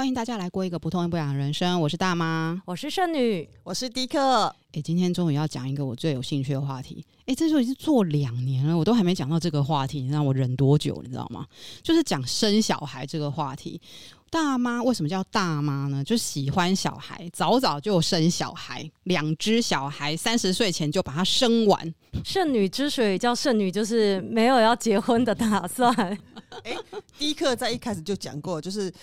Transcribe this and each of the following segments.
歡迎大家來過一個不痛不癢的人生。我是大媽，我是剩女，我是迪克。誒、欸，今天終於要講一個我最有興趣的話題。誒、欸，這就已經是做兩年了，我都還沒講到這個話題，你讓我忍多久？你知道嗎？就是講生小孩這個話題。大媽為什麼叫大媽呢？就喜歡小孩，早早就生小孩，兩隻小孩，三十歲前就把它生完。剩女之所以叫剩女，就是沒有要結婚的打算。誒、 欸，迪克在一開始就講過，就是誒。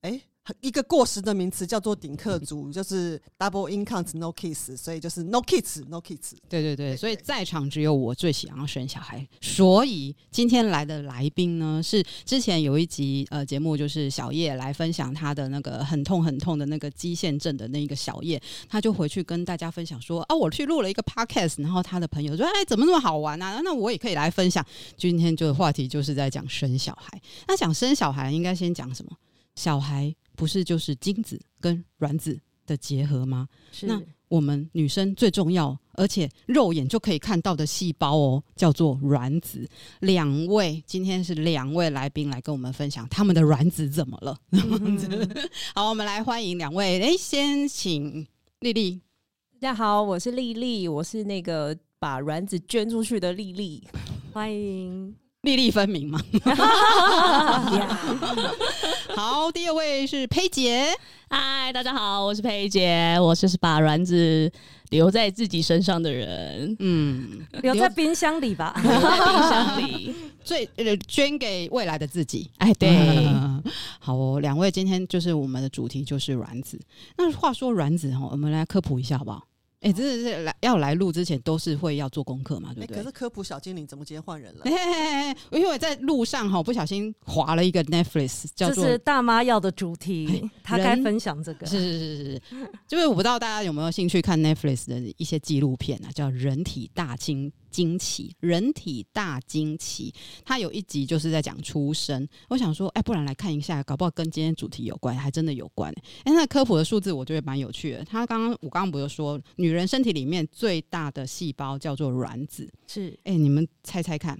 欸一個過時的名詞叫做頂客族，就是 double income no kids，所以就是 no kids no kids。對對對，對對對，所以在場只有我最喜歡要生小孩。所以今天來的來賓呢，是之前有一集呃節目，就是小葉來分享他的那個很痛很痛的那個肌腺症的那個小葉，他就回去跟大家分享說啊，我去錄了一個 podcast，然後他的朋友說，哎、欸，怎麼那麼好玩啊？那我也可以來分享。今天就的話題就是在講生小孩。那講生小孩應該先講什麼？小孩。不是就是精子跟卵子的結合嗎？是。那我們女生最重要，而且肉眼就可以看到的細胞哦，叫做卵子。兩位今天是兩位來賓來跟我們分享他們的卵子怎麼了？嗯、哼 好，我們來歡迎兩位。哎、欸，先請立立。大家好，我是立立，我是那個把卵子捐出去的立立，歡迎。立立分明嘛， Yeah. 好，第二位是呸姐。嗨，大家好，我是呸姐，我就是把卵子留在自己身上的人，嗯，留在冰箱裡吧， 留在冰箱裡，最、呃、捐給未來的自己，哎，對，嗯、好、哦，兩位今天就是我們的主題就是卵子，那話說卵子哈、哦，我們來科普一下好不好？哎，真的、欸、是來要來錄之前都是會要做功課嘛，欸、對不對？可是科普小精靈怎麼直接換人了？因為我在路上哈，不小心劃了一個 Netflix，叫做這是大媽要的主題她該嘿人分享這個。是是是是是，是是是是 就是我不知道大家有沒有興趣看 Netflix 的一些紀錄片啊，叫《人體大清》。驚奇，人體大驚奇，它有一集就是在講出生。我想說，哎、欸，不然來看一下，搞不好跟今天主題有關，還真的有關、欸。哎、欸，那科普的數字我覺得蠻有趣的。他剛剛我剛剛不是說，女人身體裡面最大的細胞叫做卵子，是哎、欸，你們猜猜看，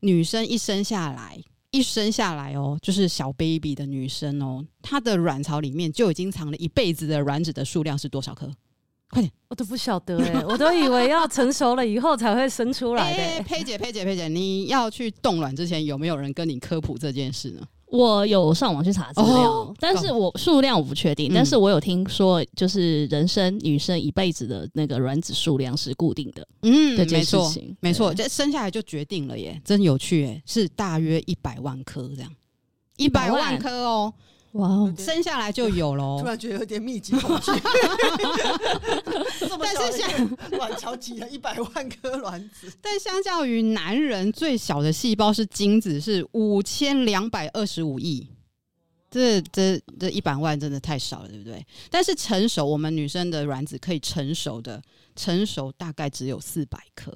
女生一生下來，一生下來哦，就是小 baby 的女生哦，她的卵巢裡面就已經藏了一輩子的卵子的數量是多少顆？快點！我都不曉得、欸、我都以為要成熟了以後才會生出來的、欸。呸、 欸、姐，呸姐，呸姐，你要去凍卵之前，有沒有人跟你科普這件事呢？我有上網去查資料，哦、但是我數量我不確定。嗯、但是我有聽說，就是人生女生一輩子的那個卵子數量是固定的。嗯，沒錯錯，對沒錯，這生下來就決定了耶，真有趣耶、欸，是大約一百萬顆這樣，一百萬顆哦。哇，Wow 生下來就有咯。突然覺得有點密集恐懼。但是， 卵巢擠了一百萬顆卵子，但相較於男人，最小的細胞是精子，是五千兩百二十五億。這、這、這一百萬真的太少了，對不對？但是成熟，我們女生的卵子可以成熟的，成熟大概只有四百顆，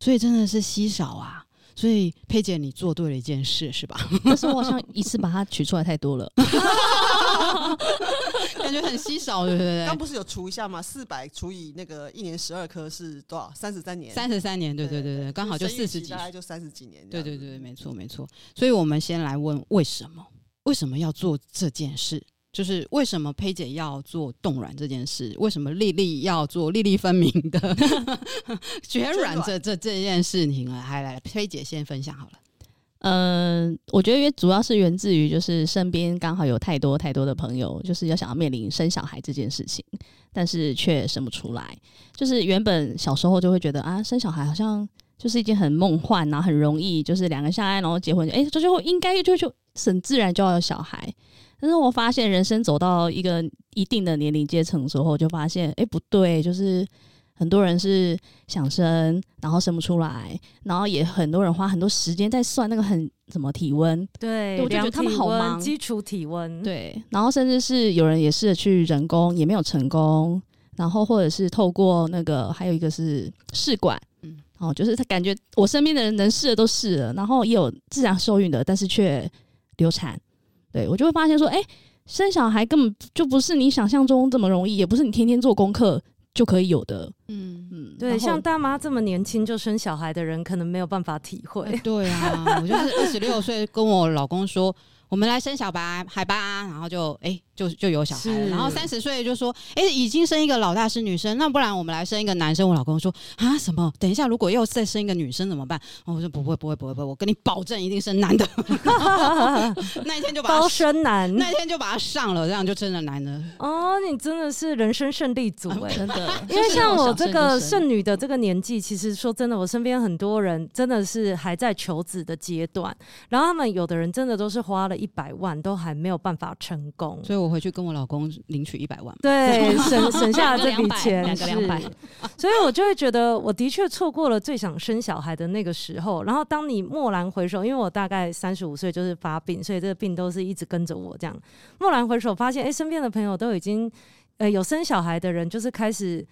所以真的是稀少啊。所以呸姐，你做對了一件事，是吧？但是我好像一次把它取出來太多了， 感覺很稀少，對不對？剛不是有除一下嗎？四百除以那個一年十二顆是多少？三十三年，三十三年，對對對對，剛好就四十幾，大概就三十幾年，對對對，沒錯沒錯。所以我們先來問為什麼？為什麼要做這件事？就是為什麼呸姐要做凍卵這件事？為什麼立立要做粒粒分明的 捐卵這這軟這件事情、啊？情來，來，還來，呸姐先分享好了。嗯、呃，我覺得也主要是源自於，就是身邊剛好有太多太多的朋友，就是要想要面臨生小孩這件事情，但是卻生不出來。就是原本小時候就會覺得啊，生小孩好像就是一件很夢幻，然後很容易，就是兩個相愛，然後結婚誒這就哎，到最後應該就就很自然就要有小孩。但是我發現，人生走到一個一定的年齡階層的時候，我就發現，哎、欸，不對，就是很多人是想生，然後生不出來，然後也很多人花很多時間在算那個很什麼體溫，對，對我就覺得他們好忙，基礎體溫，對，然後甚至是有人也試着去人工，也沒有成功，然後或者是透過那個，還有一個是試管，嗯，哦，就是他感覺我身邊的人能試的都試了，然後也有自然受孕的，但是卻流產。對，我就會發現說，哎、欸，生小孩根本就不是你想象中這麼容易，也不是你天天做功課就可以有的。嗯嗯，嗯對，後像大媽這麼年輕就生小孩的人，可能沒有辦法體會。欸、對啊， 我就是二十六歲跟我老公說， 我們來生小白，海吧、啊，然後就哎。欸就就有小孩了是然後三十歲就說：“哎、欸，已經生一個老大是女生，那不然我們來生一個男生。”我老公說：“啊，什麼？等一下，如果又再生一個女生怎麼辦？”哦、我說：“不會，不會，不會，我跟你保證，一定是男的。 ”那一天就把他包生男那把他，那一天就把他上了，這樣就真的男的。哦，你真的是人生勝利組哎、欸， 真的。 因為像我這個剩女的這個年紀，其實說真的，我身邊很多人真的是還在求子的階段，然後他們有的人真的都是花了一百萬，都還沒有辦法成功，所以。我。我回去跟我老公領取一百萬，對，省省下了這筆錢，兩個兩百，所以，我就會覺得我的確錯過了最想生小孩的那個時候。然後，當你驀然回首，因為我大概三十五歲就是發病，所以這個病都是一直跟着我。這樣驀然回首，發現誒、欸，身邊的朋友都已經呃、欸、有生小孩的人，就是開始。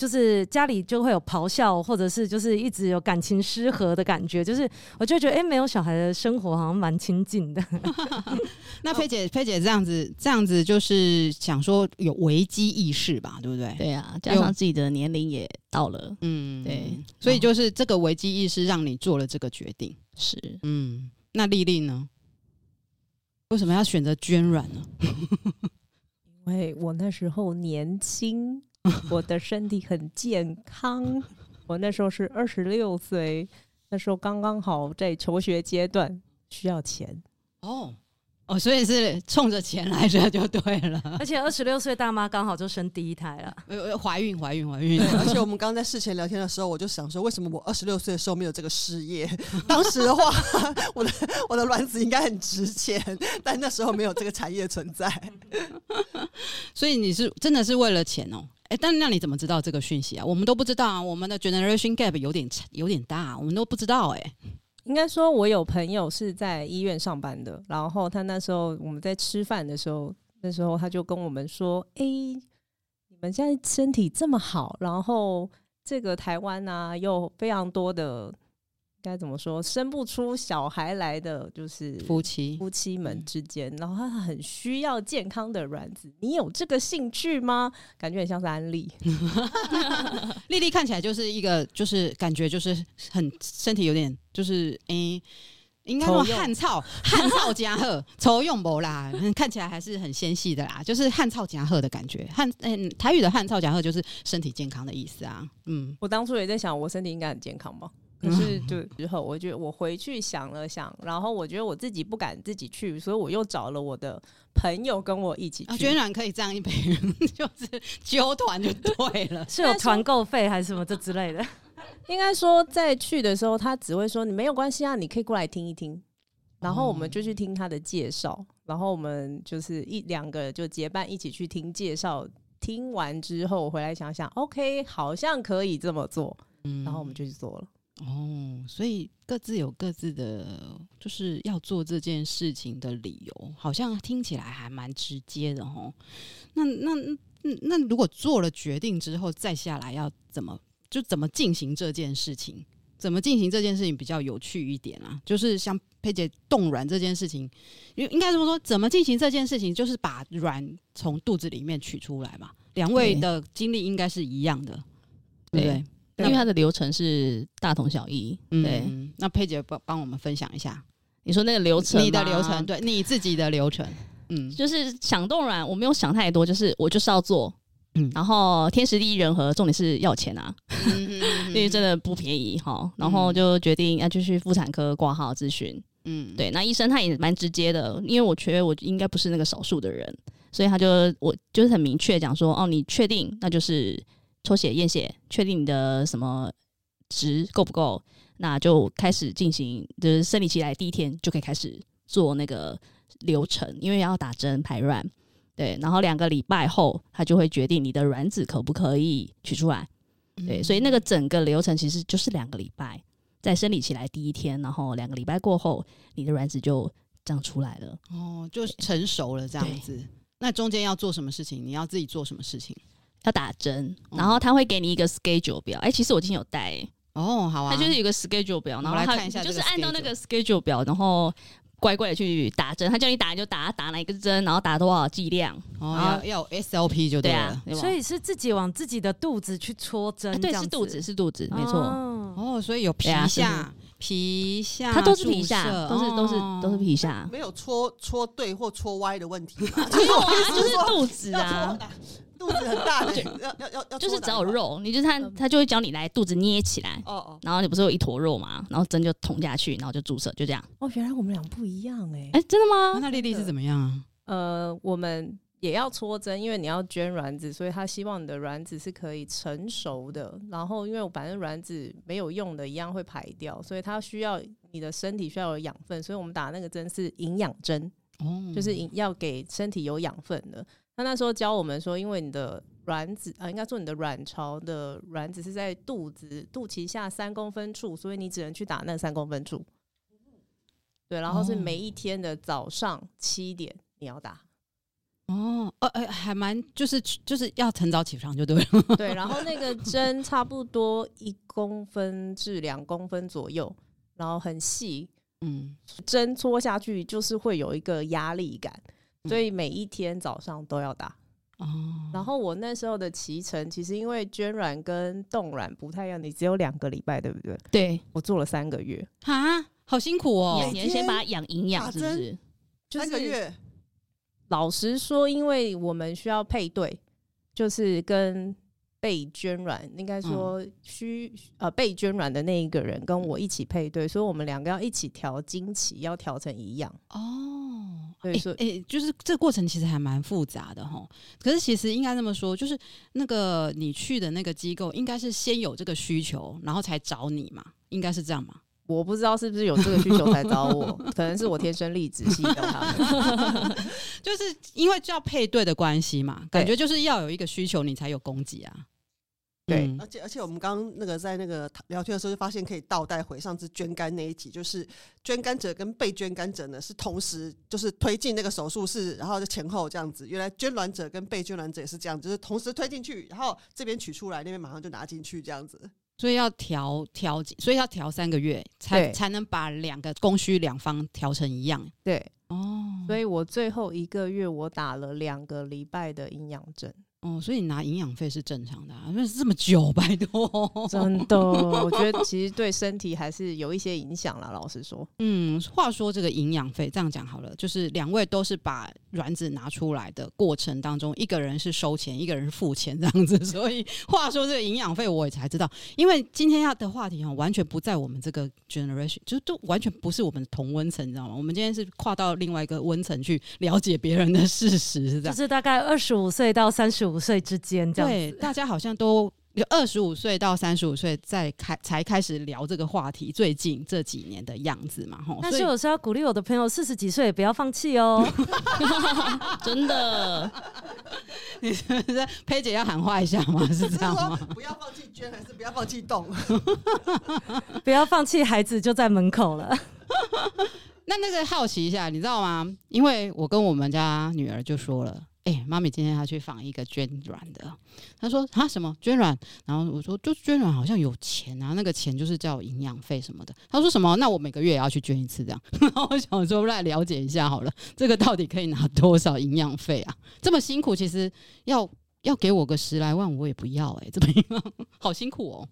就是家裡就會有咆哮，或者是就是一直有感情失和的感覺。就是我就會覺得，哎、欸，沒有小孩的生活好像蠻親近的。 那呸姐，哦、呸姐這樣子，這樣子就是想說有危機意識吧，對不對？對啊，加上自己的年齡也到了，有對嗯，對。所以就是這個危機意識讓你做了這個決定，是。嗯，那立立呢？為什麼要選擇捐卵呢？ 因為我那時候年輕。 我的身體很健康，我那時候是二十六歲，那時候剛剛好在求學階段，需要錢哦哦，所以是衝着錢來著就對了。而且二十六歲大媽剛好就生第一胎了，呃呃，懷孕懷孕懷孕。而且我們剛，剛在事前聊天的時候，我就想說，為什麼我二十六歲的時候沒有這個事業？ 當時的話， 我的我的卵子應該很值錢，但那時候沒有這個產業存在。 所以你是真的是為了錢哦。哎、欸，但那你怎麼知道這個訊息啊？我們都不知道啊，我們的 generation gap 有點有點大，我們都不知道、欸。哎，應該說，我有朋友是在醫院上班的，然後他那時候我們在吃飯的時候，那時候他就跟我們說：“哎、欸，你們現在身體這麼好，然後這個台灣呢又非常多的。”該怎麼說？生不出小孩來的就是夫妻夫妻們之間，妻然後他很需要健康的卵子。你有這個興趣嗎？感覺很像是安利。立立 看起來就是一個，就是感覺就是很身體有點就是，誒、欸、應該說漢草、同樣 漢草、加賀丑永博啦，看起來還是很纖細的啦，就是漢草、加賀的感覺。漢嗯、欸，台語的漢草、加賀就是身體健康的意思啊。嗯，我當初也在想，我身體應該很健康吧。可是就，就、嗯、之後，我覺得我回去想了想，然後我覺得我自己不敢自己去，所以我又找了我的朋友跟我一起去。啊、居然可以這樣一筆，就是揪團就對了， 是有團購費還是什麼這之類的？ 應該說，在去的時候，他只會說你沒有關係啊，你可以過來聽一聽。然後我們就去聽他的介紹，然後我們就是一兩個就結伴一起去聽介紹。聽完之後，我回來想想，OK，好像可以這麼做。然後我們就去做了。嗯哦，所以各自有各自的，就是要做這件事情的理由，好像聽起來還蠻直接的齁。那那那，那如果做了決定之後，再下來要怎麼就怎麼進行這件事情？怎麼進行這件事情比較有趣一點啊？就是像呸姐凍卵這件事情，應該這麼說，怎麼進行這件事情？就是把卵從肚子裡面取出來嘛。兩位的經歷應該是一樣的，對不對？對對因為它的流程是大同小異，對、嗯。那呸姐幫幫我們分享一下，你說那個流程，你的流程，對你自己的流程，嗯，就是想凍卵，我沒有想太多，就是我就是要做，嗯，然後天時地利人和，重點是要錢啊，嗯嗯嗯嗯，因為真的不便宜哈。然後就決定啊，就去婦產科掛號諮詢，嗯，對。那醫生他也蠻直接的，因為我覺得我應該不是那個少數的人，所以他就我就是很明確講說，哦，你確定那就是。抽血驗血，確定你的什麼值夠不夠，那就開始進行，就是生理期來第一天就可以開始做那個流程，因為要打針排卵，對，然後兩個禮拜後，他就會決定你的卵子可不可以取出來，對，嗯、所以那個整個流程其實就是兩個禮拜，在生理期來第一天，然後兩個禮拜過後，你的卵子就長出來了，哦，就成熟了這樣子。對那中間要做什麼事情？你要自己做什麼事情？要打針，然後他會給你一個 schedule 表。哎，其實我今天有帶哦，好啊。他就是有個 schedule 表，然後來看一下，就是按照那個 schedule 表，然後乖乖的去打針。他叫你打你就打，打哪一個針，然後打多少劑量。哦，要要 SLP 就對了。啊，所以是自己往自己的肚子去戳針。對，是肚子，是肚子，沒錯。哦，所以有皮下、皮下，它都是皮下，都是都是都是皮下。沒有戳戳對或戳歪的問題。沒有啊，就是肚子啊。肚子很大， 對要要要 就是只要有肉，嗯、你就是他他就會教你來肚子捏起來。哦哦，然後你不是有一坨肉嘛，然後針就捅下去，然後就注射，就這樣。哦，原來我們倆不一樣哎、欸，哎、欸，真的嗎？啊、那立立是怎麼樣啊？呃，我們也要戳針，因為你要捐卵子，所以他希望你的卵子是可以成熟的。然後，因為我反正卵子沒有用的，一樣會排掉，所以它需要你的身體需要有養分，所以我們打那個針是營養針，哦、嗯，就是要給身體有養分的。他那時候教我們說，因為你的卵子啊，應該說你的卵巢的卵子是在肚子肚臍下三公分處，所以你只能去打那三公分處。嗯、對，然後是每一天的早上七點你要打哦。哦，呃，還蠻就是就是要很早起床就對了。 對，然後那個針差不多一公分至兩公分左右，然後很細，嗯，針戳下去就是會有一個壓力感。所以每一天早上都要打哦。然後我那時候的臍橙，其實因為捐卵跟凍卵不太一樣，你只有兩個禮拜，對不對？對。我做了三個月啊，好辛苦哦、喔。兩年天先把它養營養，是不是？三個月。就是、老實說，因為我們需要配對，就是跟。被捐卵，應該說需、嗯、呃被捐卵的那一個人跟我一起配對，所以我們兩個要一起調經期，要調成一樣哦。對，所以說誒、欸欸，就是這個過程其實還蠻複雜的齁。可是其實應該這麼說，就是那個你去的那個機構，應該是先有這個需求，然後才找你嘛，應該是這樣嘛我不知道是不是有這個需求才找我， 可能是我天生麗質吸引他們， 就是因為就要配對的關係嘛，對感覺就是要有一個需求，你才有供給啊。對，嗯、而且而且我們剛剛那個在那個聊天的時候就發現，可以倒帶回上次捐肝那一集，就是捐肝者跟被捐肝者呢是同時就是推進那個手術室，然後就前後這樣子。原來捐卵者跟被捐卵者也是這樣子，就是同時推進去，然後這邊取出來，那邊馬上就拿進去這樣子。所以要調調節，所以要調三個月，才對才能把兩個供需兩方調成一樣。對，哦，所以我最後一個月我打了兩個禮拜的營養針。哦，所以你拿營養費是正常的、啊，那、就是這麼九百多。真的，我覺得其實對身體還是有一些影響了。老實說，嗯，話說這個營養費，這樣講好了，就是兩位都是把卵子拿出來的過程當中，一個人是收錢，一個人是付錢這樣子。所以話說這個營養費，我也才知道，因為今天要的話題哈、喔，完全不在我們這個 generation，就都完全不是我們的同溫層，你知道嗎？我們今天是跨到另外一個溫層去了解別人的事實，是這樣。就是大概二十五歲到三十五。五歲之間，這樣、啊、對，大家好像都有二十五歲到三十五歲，在開才開始聊這個話題，最近這幾年的樣子嘛，吼！但是我是要鼓勵我的朋友，四十幾歲也不要放棄哦，真的。 你是不是呸姐要喊話一下嗎？ 是這樣嗎？ 說不要放棄捐，還是不要放棄動？ 不要放棄，孩子就在門口了。 那那個好奇一下，你知道嗎？因為我跟我們家女兒就說了。欸，媽咪今天她去訪一個捐卵的，她說蛤，什麼捐卵，然後我說就捐卵好像有錢啊，那個錢就是叫營養費什麼的。她說什麼？那我每個月也要去捐一次這樣，然後我想說我來了解一下好了，這個到底可以拿多少營養費啊？這麼辛苦，其實要要給我個十來萬我也不要哎、欸，這麼呵呵好辛苦哦。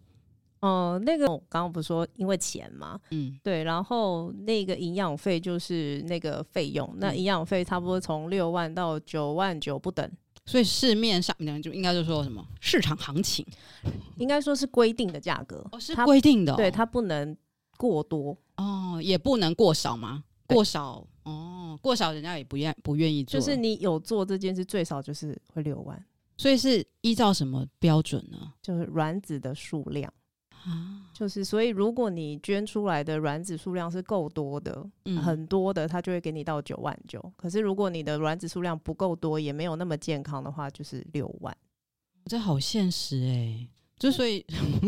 哦、呃，那個我剛剛不是說因為錢嘛，嗯，對，然後那個營養費就是那個費用，嗯、那營養費差不多從六萬到九萬九不等，所以市面上那就應該就說什麼市場行情，應該說是規定的價格，哦，是規定的、哦它，對，它不能過多哦，也不能過少嗎？過少對哦，過少人家也不願不願意做，就是你有做這件事，最少就是會六萬，所以是依照什麼標準呢？就是卵子的數量。啊，就是所以，如果你捐出來的卵子數量是夠多的，嗯、很多的，他就會給你到九萬九。可是如果你的卵子數量不夠多，也沒有那麼健康的話，就是六萬。這好現實哎、欸！之所以，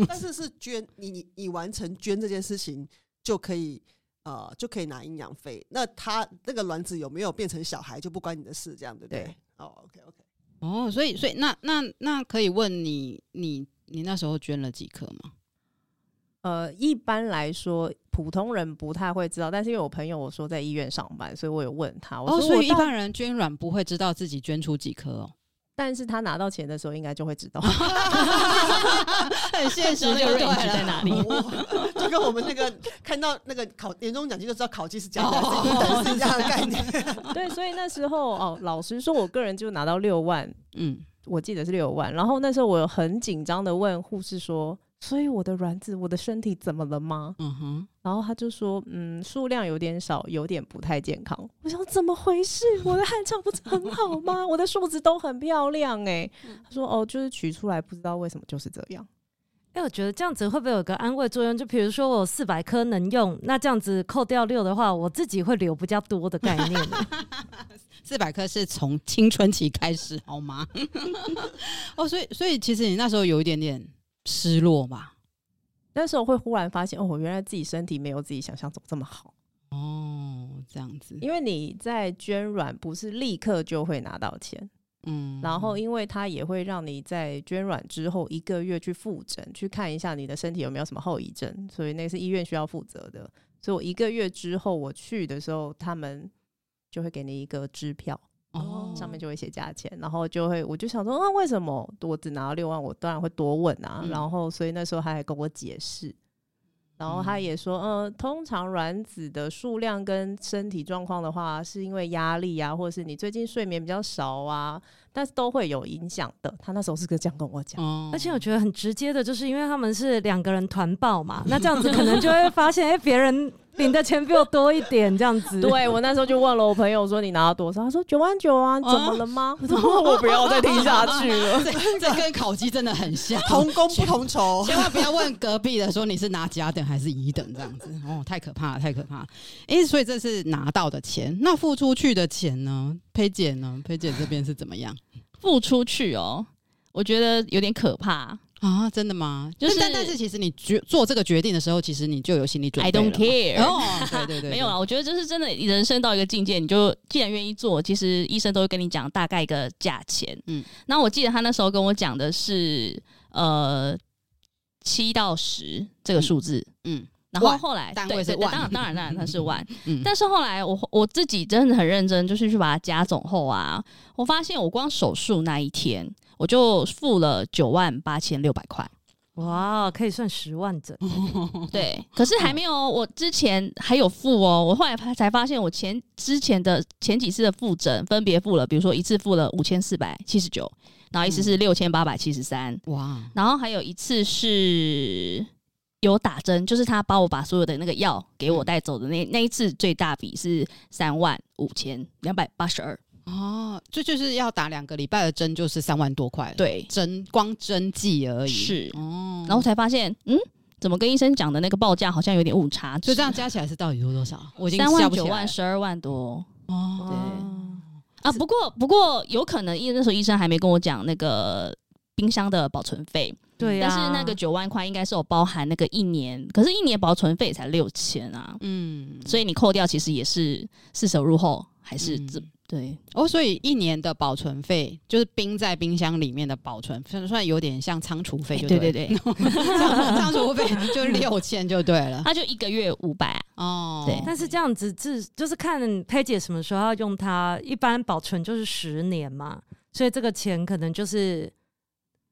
但是， 但是是捐你你你完成捐這件事情就可以呃，就可以拿營養費。那他那個卵子有沒有變成小孩就不關你的事，這樣對不對？哦 OK OK, okay.。哦，所以所以那那那可以問你，你你那時候捐了幾顆嗎？呃，一般來說，普通人不太會知道，但是因為我朋友我說在醫院上班，所以我有問他。我說我哦，所以一般人捐卵不會知道自己捐出幾顆哦，但是他拿到錢的時候應該就會知道，很、 欸、現實。重點 在哪裡？就跟我們那個看到那個考年終獎金，就知道考績是假的，是這樣的概念。是的 對，所以那時候哦，老實說，我個人就拿到六萬，嗯，我記得是六萬。然後那時候我很緊張的問護士說。所以我的卵子，我的身體怎麼了嗎？嗯哼，然後他就說，嗯，數量有點少，有點不太健康。我想說怎麼回事？我的汗臭不是很好嗎？ 我的數值都很漂亮誒、欸。嗯、他說哦，就是取出來不知道為什麼就是這樣。哎、欸，我覺得這樣子會不會有個安慰作用？就比如說我有四百顆能用，那這樣子扣掉六的話，我自己會留比較多的概念、欸。四百顆是從青春期開始好嗎？ 哦，所以所以其實你那時候有一點點。失落吧，那時候會忽然發現，哦，我原來自己身體沒有自己想象中這麼好哦，這樣子。因為你在捐卵不是立刻就會拿到錢，嗯，然後因為它也會讓你在捐卵之後一個月去複診，去看一下你的身體有沒有什麼後遺症，所以那是醫院需要負責的，所以我一個月之後我去的時候，他們就會給你一個支票。哦，上面就會寫價錢，然後就會，我就想說，那、呃、為什麼我只拿到六萬，我當然會多問啊。嗯、然後，所以那時候他還跟我解釋，然後他也說，嗯、呃，通常卵子的數量跟身體狀況的話，是因為壓力呀、啊，或是你最近睡眠比較少啊，但是都會有影響的。他那時候是個這樣跟我講，嗯、而且我覺得很直接的，就是因為他們是兩個人團報嘛，那這樣子可能就會發現，哎、 欸，別人。領的錢比我多一點，這樣子。對，我那時候就問了我朋友說：“你拿了多少？”他說：“九萬九啊，怎麼了嗎？”我說：“我不要再聽下去了，這跟考績真的很像，同工不同酬。千萬不要問隔壁的說你是拿甲等還是乙等這樣子，哦，太可怕了，太可怕了。哎，所以這是拿到的錢，那付出去的錢呢？呸姐呢？呸姐這邊是怎麼樣？付出去哦，喔，我覺得有點可怕。”啊，真的嗎？就是，但，但是其實你決做這個決定的時候，其實你就有心理準備。I don't care。哦，對對對，對， 沒有啊，我覺得就是真的，人生到一個境界，你就既然願意做，其實醫生都會跟你講大概一個價錢。嗯，那我記得他那時候跟我講的是呃七到十這個數字。嗯。嗯然後後來，one, 對對對，當然當然當然，它是萬。 嗯、但是後來我，我我自己真的很認真，就是去把它加總後啊，我發現我光手術那一天，我就付了九萬八千六百塊。哇，可以算十萬整。 對，可是還沒有，我之前還有付哦。我後來才才發現，我前之前的前幾次的複診，分別付了，比如說一次付了五千四百七十九，然後一次是六千八百七十三。哇，然後還有一次是。有打針，就是他幫我把所有的那個藥給我帶走的那、嗯、那一次最大筆是三萬五千兩百八十二哦，就就是要打兩個禮拜的針，就是三萬多塊，對，針光針劑而已是哦，然後才發現嗯，怎麼跟醫生講的那個報價好像有點誤差、啊，就這樣加起來是到底有多少？我已經加不起來，三萬九萬十二萬多哦，對啊，是不過不過有可能因為那時候醫生還沒跟我講那個冰箱的保存費。對，但是那個九萬塊應該是有包含那個一年，啊、可是一年保存費才六千啊，嗯，所以你扣掉其實也是四手入後還是這、嗯、對哦，所以一年的保存費就是冰在冰箱裡面的保存，算算，有點像倉儲費，對對對，倉倉儲費就六千就對了，它就一個月五百、啊、哦，對，但是這樣子是就是看呸姐什麼時候要用它，一般保存就是十年嘛，所以這個錢可能就是。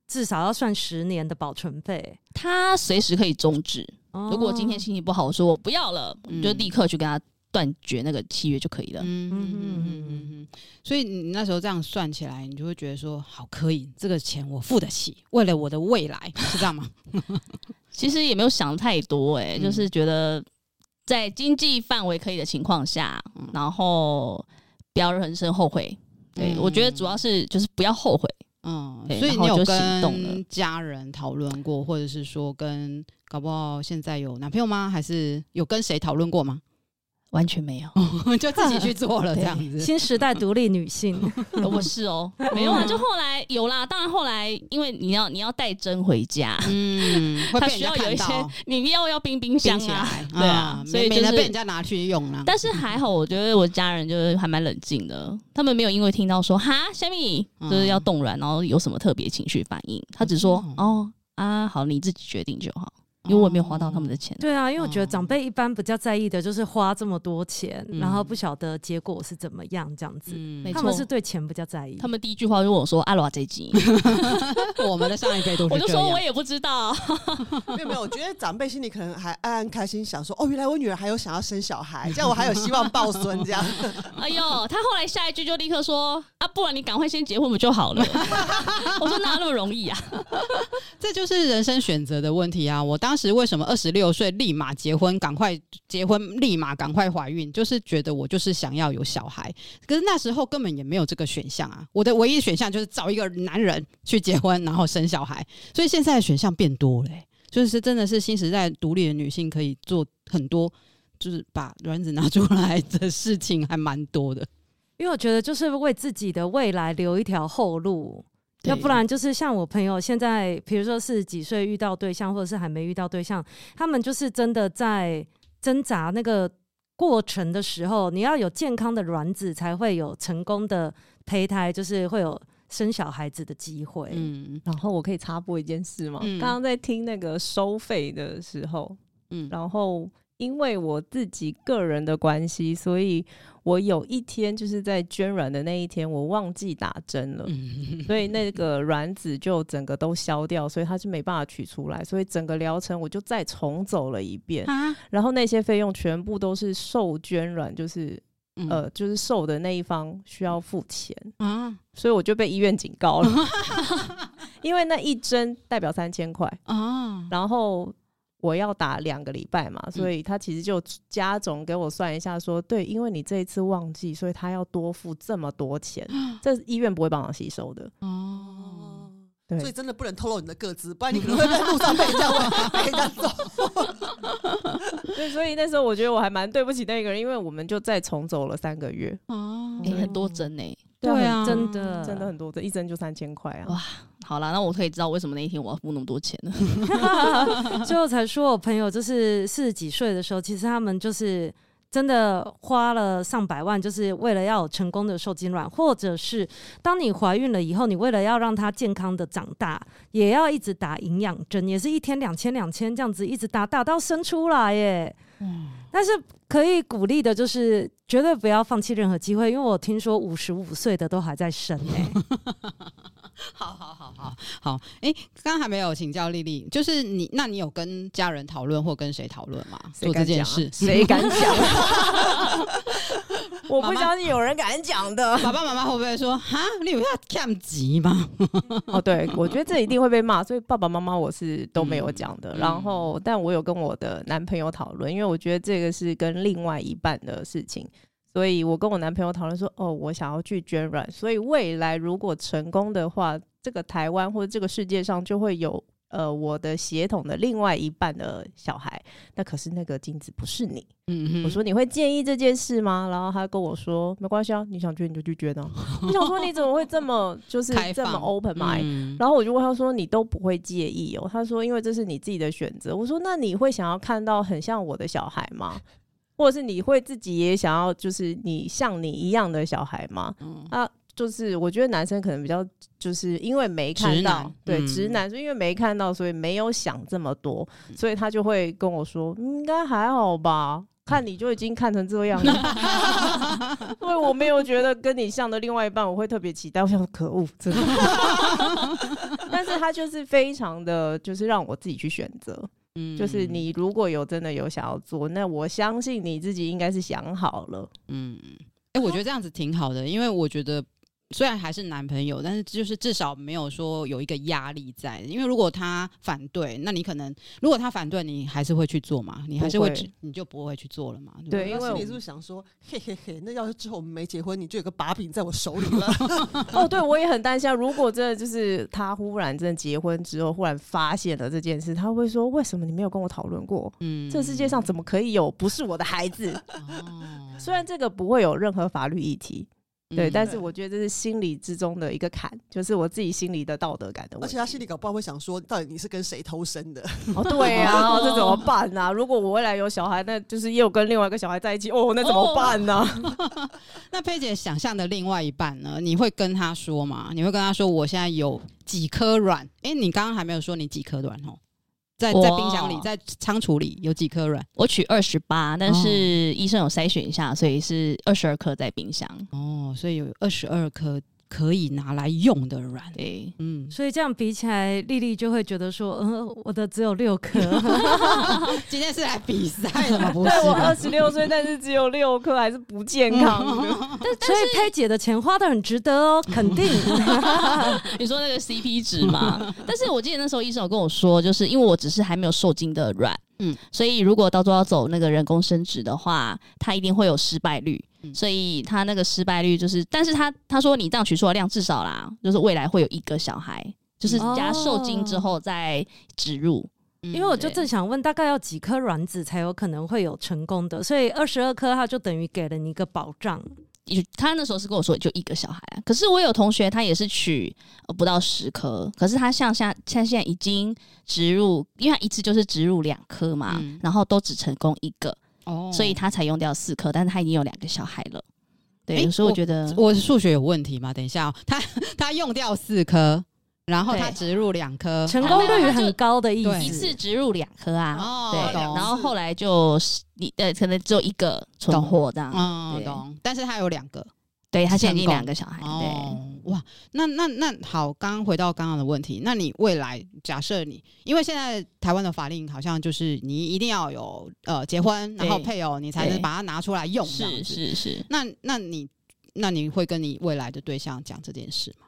至少要算十年的保存費，他隨時可以終止。哦、如果今天心情不好，我說我不要了，你、嗯、就立刻去跟他斷絕那個契約就可以了。嗯嗯嗯嗯嗯，嗯。所以你那時候這樣算起來，你就會覺得說，好可以，這個錢我付得起，為了我的未來， 是這樣嗎？ 其實也沒有想太多誒、欸，嗯、就是覺得在經濟範圍可以的情況下，然後不要人生後悔。嗯、對，我覺得主要是就是不要後悔。嗯，所以你有跟家人討論過，或者是說跟搞不好現在有男朋友嗎？還是有跟誰討論過嗎？完全沒有，就自己去做了這樣子。新時代獨立女性，我是哦，沒有啊，就後來有啦。當然後來，因為你要你要帶針回家，嗯，他需要有一些你要要冰冰箱起來，對啊，所以免得被人家拿去用啦。但是還好，我覺得我家人就是還蠻冷靜的，他們沒有因為聽到說哈蝦米就是要凍卵，然後有什麼特別情緒反應，他只說哦啊，好，你自己決定就好。因為我也沒有花到他們的錢、啊嗯，對啊，因為我覺得長輩一般比較在意的就是花這麼多錢，嗯、然後不曉得結果是怎麼樣這樣子，嗯、他們是對錢比較在意。嗯、他們第一句話就問我說：“阿羅啊，這集， 我們的上一輩都是。”我就說：“我也不知道。” 沒有沒有，我覺得長輩心裡可能還暗暗開心，想說：“哦，原來我女兒還有想要生小孩，這樣我還有希望抱孫。”這樣。 哎呦，他後來下一句就立刻說：“啊，不然你趕快先結婚不就好了？” 我說：“哪那,、啊、那麼容易啊？” 這就是人生選擇的問題啊！我當。是為什麼二十六歲立馬結婚，趕快結婚，立馬趕快懷孕？就是覺得我就是想要有小孩，可是那時候根本也沒有這個選項啊。我的唯一選項就是找一個男人去結婚，然後生小孩。所以現在的選項變多了欸，就是真的是新時代獨立的女性可以做很多，就是把卵子拿出來的事情還蠻多的。因為我覺得就是為自己的未來留一條後路。對要不然就是像我朋友現在，比如說是幾歲遇到對象，或者是還沒遇到對象，他們就是真的在掙扎那個過程的時候，你要有健康的卵子，才會有成功的胚胎，就是會有生小孩子的機會。嗯，然後我可以插播一件事嗎？剛剛、嗯、在聽那個收費的時候，嗯，然後。因為我自己個人的關係，所以我有一天就是在捐卵的那一天，我忘記打針了，嗯、呵呵，所以那個卵子就整個都消掉，所以它是沒辦法取出來，所以整個療程我就再重走了一遍，啊、然後那些費用全部都是受捐卵，就是、嗯、呃，就是受的那一方需要付錢、啊、所以我就被醫院警告了， 因為那一針代表三千塊、啊、然後。我要打兩個禮拜嘛，所以他其實就加總給我算一下說，說、嗯、對，因為你這一次忘記，所以他要多付這麼多錢，嗯、這是醫院不會幫忙吸收的哦。嗯、對，所以真的不能透露你的個資，不然你可能會在路上被叫樣被打走。對，所以那時候我覺得我還蠻對不起那個人，因為我們就再重走了三個月哦、嗯欸。很多針呢、欸？很對啊，真的真的很多針，一針就三千塊啊，哇。好了，那我可以知道為什麼那一天我要付那麼多錢呢？ 最後才說，我朋友就是四十幾歲的時候，其實他們就是真的花了上百萬，就是為了要成功的受精卵，或者是當你懷孕了以後，你為了要讓它健康的長大，也要一直打營養針，也是一天兩千兩千這樣子一直打，打到生出來耶。嗯，但是可以鼓勵的就是，絕對不要放棄任何機會，因為我聽說五十五歲的都還在生呢。 好,好,好,好，好，好、欸，好，好，哎，剛剛還沒有請教立立，就是你，那你有跟家人討論或跟誰討論嗎？做這件事誰敢講？我不相信有人敢講的。爸爸媽媽會不會說啊？ 你不要看急嗎？ 哦，對，我覺得這一定會被罵，所以爸爸媽媽我是都沒有講的。嗯、然後，但我有跟我的男朋友討論，因為我覺得這個是跟另外一半的事情。所以我跟我男朋友討論說，哦，我想要去捐卵。所以未來如果成功的話，這個台灣或者這個世界上就會有呃我的血統的另外一半的小孩。那可是那個精子不是你，嗯哼，我說你會介意這件事嗎？然後他跟我說，沒關係啊，你想捐你就去捐哦。’ 我想說你怎麼會這麼 就是這麼 open mind？然後我就問他說你都不會介意哦？他說因為這是你自己的選擇。我說那你會想要看到很像我的小孩嗎？或者是你會自己也想要，就是你像你一樣的小孩嗎？嗯、啊，就是我覺得男生可能比較，就是因為沒看到，直男，對，嗯、直男是因為沒看到，所以沒有想這麼多，所以他就會跟我說，嗯、應該還好吧？看你就已經看成這樣，嗯、因為我沒有覺得跟你像的另外一半，我會特別期待。我想說，可惡，真的。嗯、但是，他就是非常的就是讓我自己去選擇。嗯，就是你如果有真的有想要做，那我相信你自己應該是想好了。嗯，哎，我覺得這樣子挺好的，因為我覺得。雖然還是男朋友，但是就是至少沒有說有一個壓力在。因為如果他反對，那你可能如果他反對，你還是會去做嘛？你還是會，會你就不會去做了嘛？對，對對，因為我你是不是想說，嘿嘿嘿，那要是之後我們沒結婚，你就有個把柄在我手裡了。 哦，對我也很擔心，如果真的就是他忽然真的結婚之後，忽然發現了這件事，他會說，為什麼你沒有跟我討論過？嗯，這世界上怎麼可以有不是我的孩子？哦，雖然這個不會有任何法律議題。嗯、對，但是我覺得這是心理之中的一個坎，就是我自己心裡的道德感的問題。而且他心裡搞不好會想說，到底你是跟誰偷生的？哦，對呀、啊，哦哦、這怎麼辦呢、啊？如果我未來有小孩，那就是又跟另外一個小孩在一起，哦，那怎麼辦呢、啊？哦、 那呸姐想象的另外一半呢？你會跟他說嗎？你會跟他說，我現在有幾顆卵？哎、欸，你剛剛還沒有說你幾顆卵哦。在在冰箱裡，在倉儲裡有幾顆卵，我取二十八，但是醫生有篩選一下，所以是二十二顆在冰箱。哦，所以有二十二顆。可以拿來用的卵，對，嗯，所以這樣比起來，立立就會覺得說，嗯，我的只有六顆，今天是來比賽的嗎？對，我二十六歲，但是只有六顆，還是不健康。所以呸姐的錢花得很值得哦，肯定。你說那個 CP 值嘛？但是我記得那時候醫生有跟我說，就是因為我只是還沒有受精的卵，嗯，所以如果到時候要走那個人工生殖的話，它一定會有失敗率。所以他那個失敗率就是，但是他他說，你這樣取出來量至少啦，就是未來會有一個小孩，就是加受精之後再植入。哦嗯、因為我就正想問，大概要幾顆卵子才有可能會有成功的？所以二十二顆，它就等於給了你一個保障。他那時候是跟我說就一個小孩啊，可是我有同學他也是取不到十顆，可是他像現在他現在已經植入，因為他一次就是植入兩顆嘛，嗯、然後都只成功一個。所以他才用掉四顆，但是他已經有兩個小孩了。對，有時候我覺得我是數學有問題嘛。等一下、喔，他他用掉四顆，然後他植入兩顆，對成功率很高的意思、哦、一次植入兩顆啊？對，哦、然後後來就是你呃，可能只有一個存活這樣，嗯，懂。但是他有兩個，對他現在有兩個小孩，對。功哇，那那那好，剛剛回到剛剛的問題，那你未來假設你，因為現在台灣的法令好像就是你一定要有呃結婚，對然後配偶，你才能把它拿出來用，是是是。是那那你那你會跟你未來的對象講這件事嗎？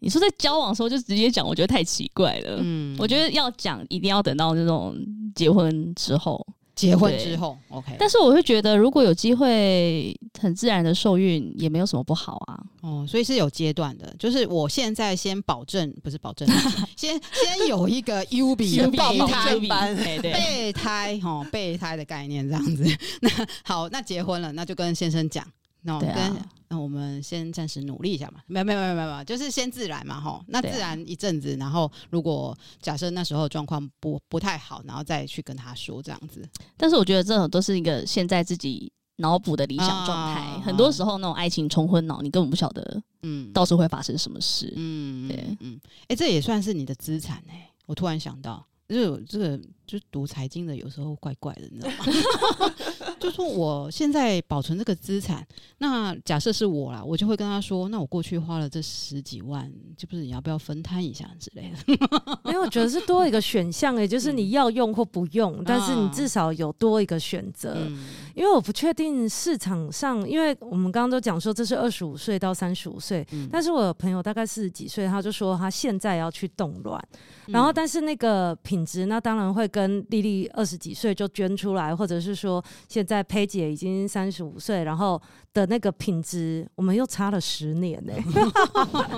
你說在交往的時候就直接講，我覺得太奇怪了。嗯，我覺得要講一定要等到那種結婚之後。結婚之後對，OK，但是我會覺得，如果有機會，很自然的受孕也沒有什麼不好啊。哦，所以是有階段的，就是我現在先保證，不是保證， 先先有一個優比 B U 胎、欸、備胎，哈、哦，備胎的概念這樣子。 那好，那結婚了，那就跟先生講。那 No,、啊、那我們先暫時努力一下嘛，沒有沒有沒有沒有，就是先自然嘛吼，那自然一陣子，然後如果假設那時候狀況不不太好，然後再去跟他說這樣子。但是我覺得這種都是一個現在自己腦補的理想狀態，啊啊啊、很多時候那種愛情沖昏腦，你根本不曉得，嗯，到時候會發生什麼事，嗯，對，嗯，哎對、嗯欸，這也算是你的資產哎、欸，我突然想到，就是這個就是讀財經的，有時候怪怪的，你知道嗎？ 就說我現在保存這個資產，那假設是我啦，我就會跟他說，那我過去花了這十幾萬，就不是你要不要分攤一下之類的？因 為我覺得是多一個選項誒、欸，就是你要用或不用，嗯、但是你至少有多一個選擇。啊嗯因為我不確定市場上，因為我們剛剛都講說這是二十五歲到三十五歲，嗯、但是我朋友大概四十幾歲，他就說他現在要去凍卵，嗯、然後但是那個品質，那當然會跟立立二十幾歲就捐出來，或者是說現在呸姐已經三十五歲，然後的那個品質，我們又差了十年嘞、欸。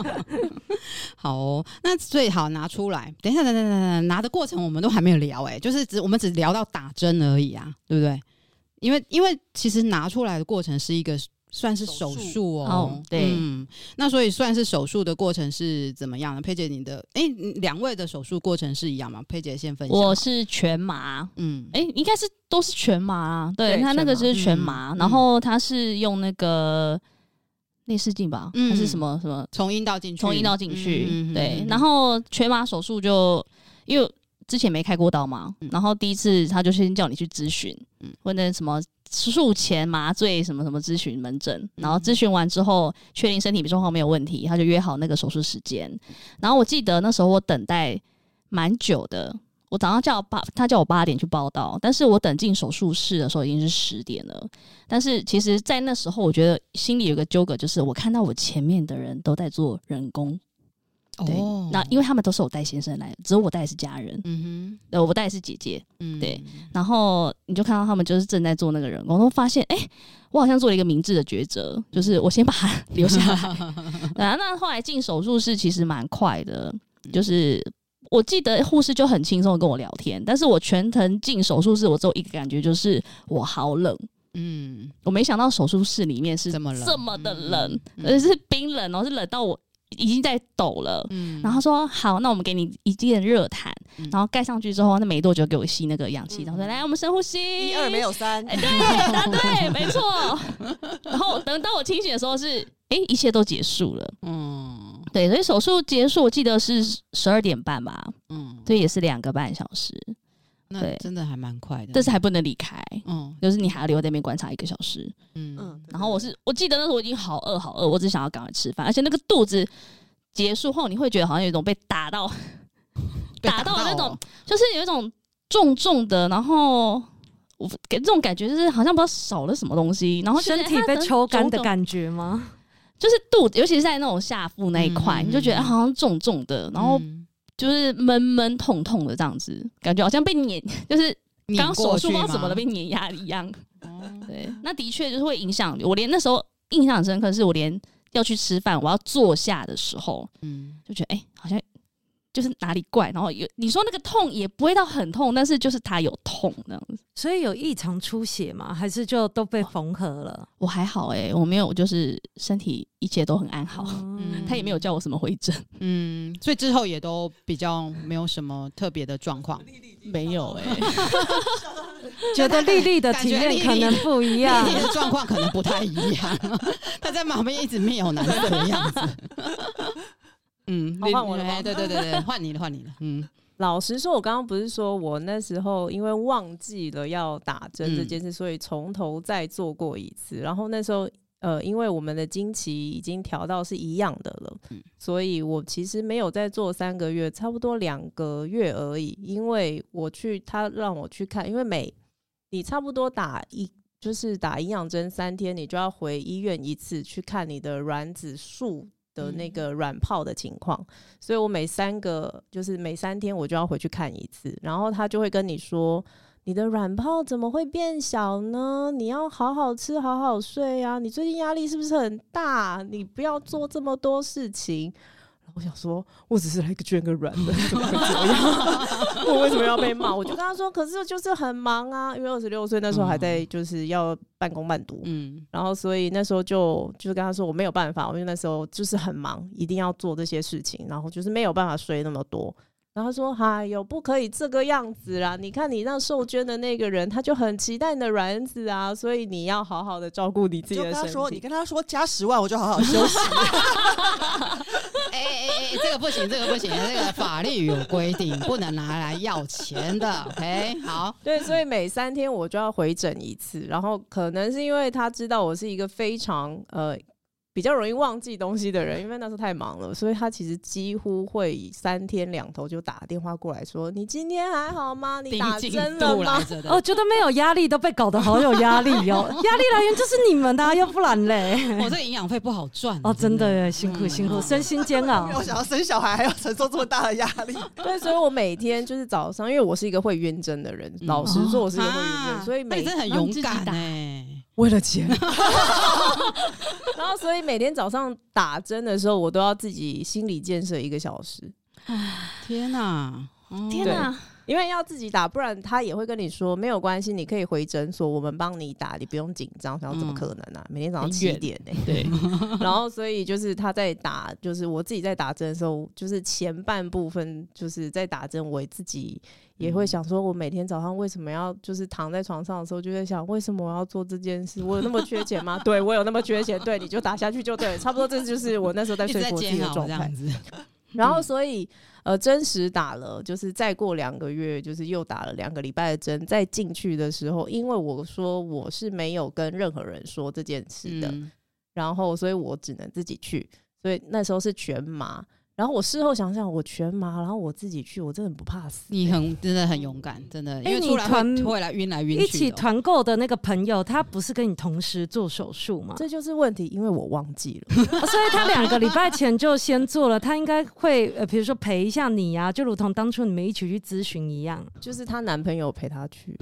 好、哦，那最好拿出來。等一下，等等等等，拿的過程我們都還沒有聊哎、欸，就是只我們只聊到打針而已啊，對不對？因為因為其實拿出來的過程是一個算是手術、喔、哦，對、嗯，那所以算是手術的過程是怎麼樣呢？呸姐，你的哎，兩、欸、位的手術過程是一樣嗎？呸姐先分享。我是全麻，嗯，誒、欸，應該是都是全麻、啊，對，他對麻那個就是全麻，嗯、然後他是用那個內視鏡吧，還、嗯、是什麼什麼？從陰道進去，從陰道進去，嗯嗯嗯嗯嗯對，然後全麻手術就因為。之前沒開過刀嘛，然後第一次他就先叫你去諮詢，嗯、問那什麼術前麻醉什麼什麼諮詢門診，然後諮詢完之後確、嗯、定身體狀況沒有問題，他就約好那個手術時間。然後我記得那時候我等待蠻久的，我早上叫八，他叫我八點去報到，但是我等進手術室的時候已經是十點了。但是其實，在那時候，我覺得心裡有個糾葛，就是我看到我前面的人都在做人工。對，那、oh. 因為他們都是我帶先生來的，只有我帶的是家人。嗯哼、mm，hmm. 呃，我帶的是姐姐。嗯、mm，hmm. 對。然後你就看到他們就是正在做那個人，我都發現，哎、欸，我好像做了一個明智的抉擇，就是我先把他留下來。 然後那後來進手術室其實蠻快的，就是我記得護士就很輕鬆的跟我聊天，但是我全程進手術室，我只有一個感覺就是我好冷。嗯、mm，hmm. 我沒想到手術室裡面是這麼冷，這麼的冷，mm hmm. 而是冰冷，然後是冷到我已經在抖了，嗯、然後說好，那我們給你一件熱毯，嗯、然後蓋上去之後，那沒多久給我吸那個氧氣，嗯、然後說來，我們深呼吸，一二沒有三，欸、對，答對，對， 沒錯。 然後等到我清醒的時候是，哎、欸，一切都結束了，嗯，對，所以手術結束，我記得是十二點半吧，嗯，對，也是兩個半小時。對，真的還蠻快的對，對但是還不能離開。嗯，就是你還要留在那邊觀察一個小時。嗯嗯，然後我是，我記得那時候我已經好餓，好餓，我只想要趕快吃飯。而且那個肚子結束後，你會覺得好像有一種被打到，打到那種，喔、就是有一種重重的，然後我給這種感覺，就是好像不知道少了什麼東西，然後身體被抽乾的感覺嗎？嗯、就是肚子，尤其是在那種下腹那一塊，嗯、你就覺得好像重重的，嗯、然後。嗯就是悶悶痛痛的這樣子，感覺好像被碾，就是剛手術包什麼的被碾壓一樣、嗯。對，那的確就是會影響，我連那時候印象深刻，是我連要去吃飯，我要坐下的時候，嗯，就覺得哎、欸，好像。就是哪裡怪，然後有你說那個痛也不會到很痛，但是就是它有痛那樣子，所以有異常出血嘛？還是就都被縫合了、哦？我還好哎、欸，我沒有，就是身體一切都很安好。嗯，他也沒有叫我什麼回診。嗯，所以之後也都比較沒有什麼特別的狀況，莉莉沒有哎、欸。 覺得莉莉、莉、莉、莉莉的體驗可能不一樣，你的狀況可能不太一樣。 他在旁邊一直沒有難過的樣子。 嗯，換好我了，對 對對對，換你了，換你了。嗯，老實說，我剛剛不是說我那時候因為忘記了要打針這件事，所以從頭再做過一次。嗯、然後那時候，呃，因為我們的經期已經調到是一樣的了，嗯、所以我其實沒有再做三個月，差不多兩個月而已。因為我去他讓我去看，因為每你差不多打一就是打營養針三天，你就要回醫院一次去看你的卵子數。的那個卵泡的情況，嗯、所以我每三個就是每三天我就要回去看一次，然後他就會跟你說，你的卵泡怎麼會變小呢？你要好好吃，好好睡呀、啊。你最近壓力是不是很大？你不要做這麼多事情。我想說，我只是來個捐個卵的，怎麼樣？我為什麼要被罵？我就跟他說，可是就是很忙啊，因為二十六歲那時候還在就是要半工半讀，嗯，然後所以那時候就就跟他說我沒有辦法，因為那時候就是很忙，一定要做這些事情，然後就是沒有辦法睡那麼多。然後說：“哎呦，不可以這個樣子啦！你看你讓受捐的那個人，他就很期待你的卵子啊，所以你要好好的照顧你自己的身體。他說”你跟他說加十萬，我就好好休息。哎哎哎，這個不行，這個不行，這個法律有規定，不能拿來要錢的。OK，好，對，所以每三天我就要回診一次，然後可能是因為他知道我是一個非常呃。比較容易忘記東西的人，因為那時候太忙了，所以他其實幾乎會三天兩頭就打電話過來，說：“你今天還好嗎？你打針了嗎？”真的，我覺得沒有壓力都被搞得好有壓力哦。壓力來源就是你們的，要不然嘞，我這營養費不好賺哦。真的，辛苦辛苦，身心煎熬。因為我想要生小孩，還要承受這麼大的壓力。對，所以我每天就是早上，因為我是一個會暈針的人，老實說，我是一個會暈針，所以每，真的很勇敢哎。為了錢， 然後所以每天早上打針的時候，我都要自己心理建設一個小時。天哪，天哪！因為要自己打，不然他也會跟你說沒有關係，你可以回診所，我們幫你打，你不用緊張。想說怎麼可能呢、啊？嗯、每天早上七點呢、欸？遠對。 然後所以就是他在打，就是我自己在打針的時候，就是前半部分就是在打針，我自己。也會想說，我每天早上為什麼要就是躺在床上的時候就在想，為什麼我要做這件事？我有那麼缺錢嗎？ 對，我有那麼缺錢？對，你就打下去就對了，差不多這就是我那時候在說服自己的狀態。然後，所以呃，真實打了，就是再過兩個月，就是又打了兩個禮拜的針。再進去的時候，因為我說我是沒有跟任何人說這件事的，嗯、然後所以我只能自己去，所以那時候是全麻。然後我事後想想，我全麻，然後我自己去，我真的很不怕死、欸。你很真的很勇敢，真的，欸、因為出來會你團出來會暈來暈去。一起團購的那個朋友，他不是跟你同時做手術嗎？這就是問題，因為我忘記了、 哦，所以他兩個禮拜前就先做了。他應該會呃，比如說陪一下你呀、啊，就如同當初你們一起去諮詢一樣，就是她男朋友陪她去。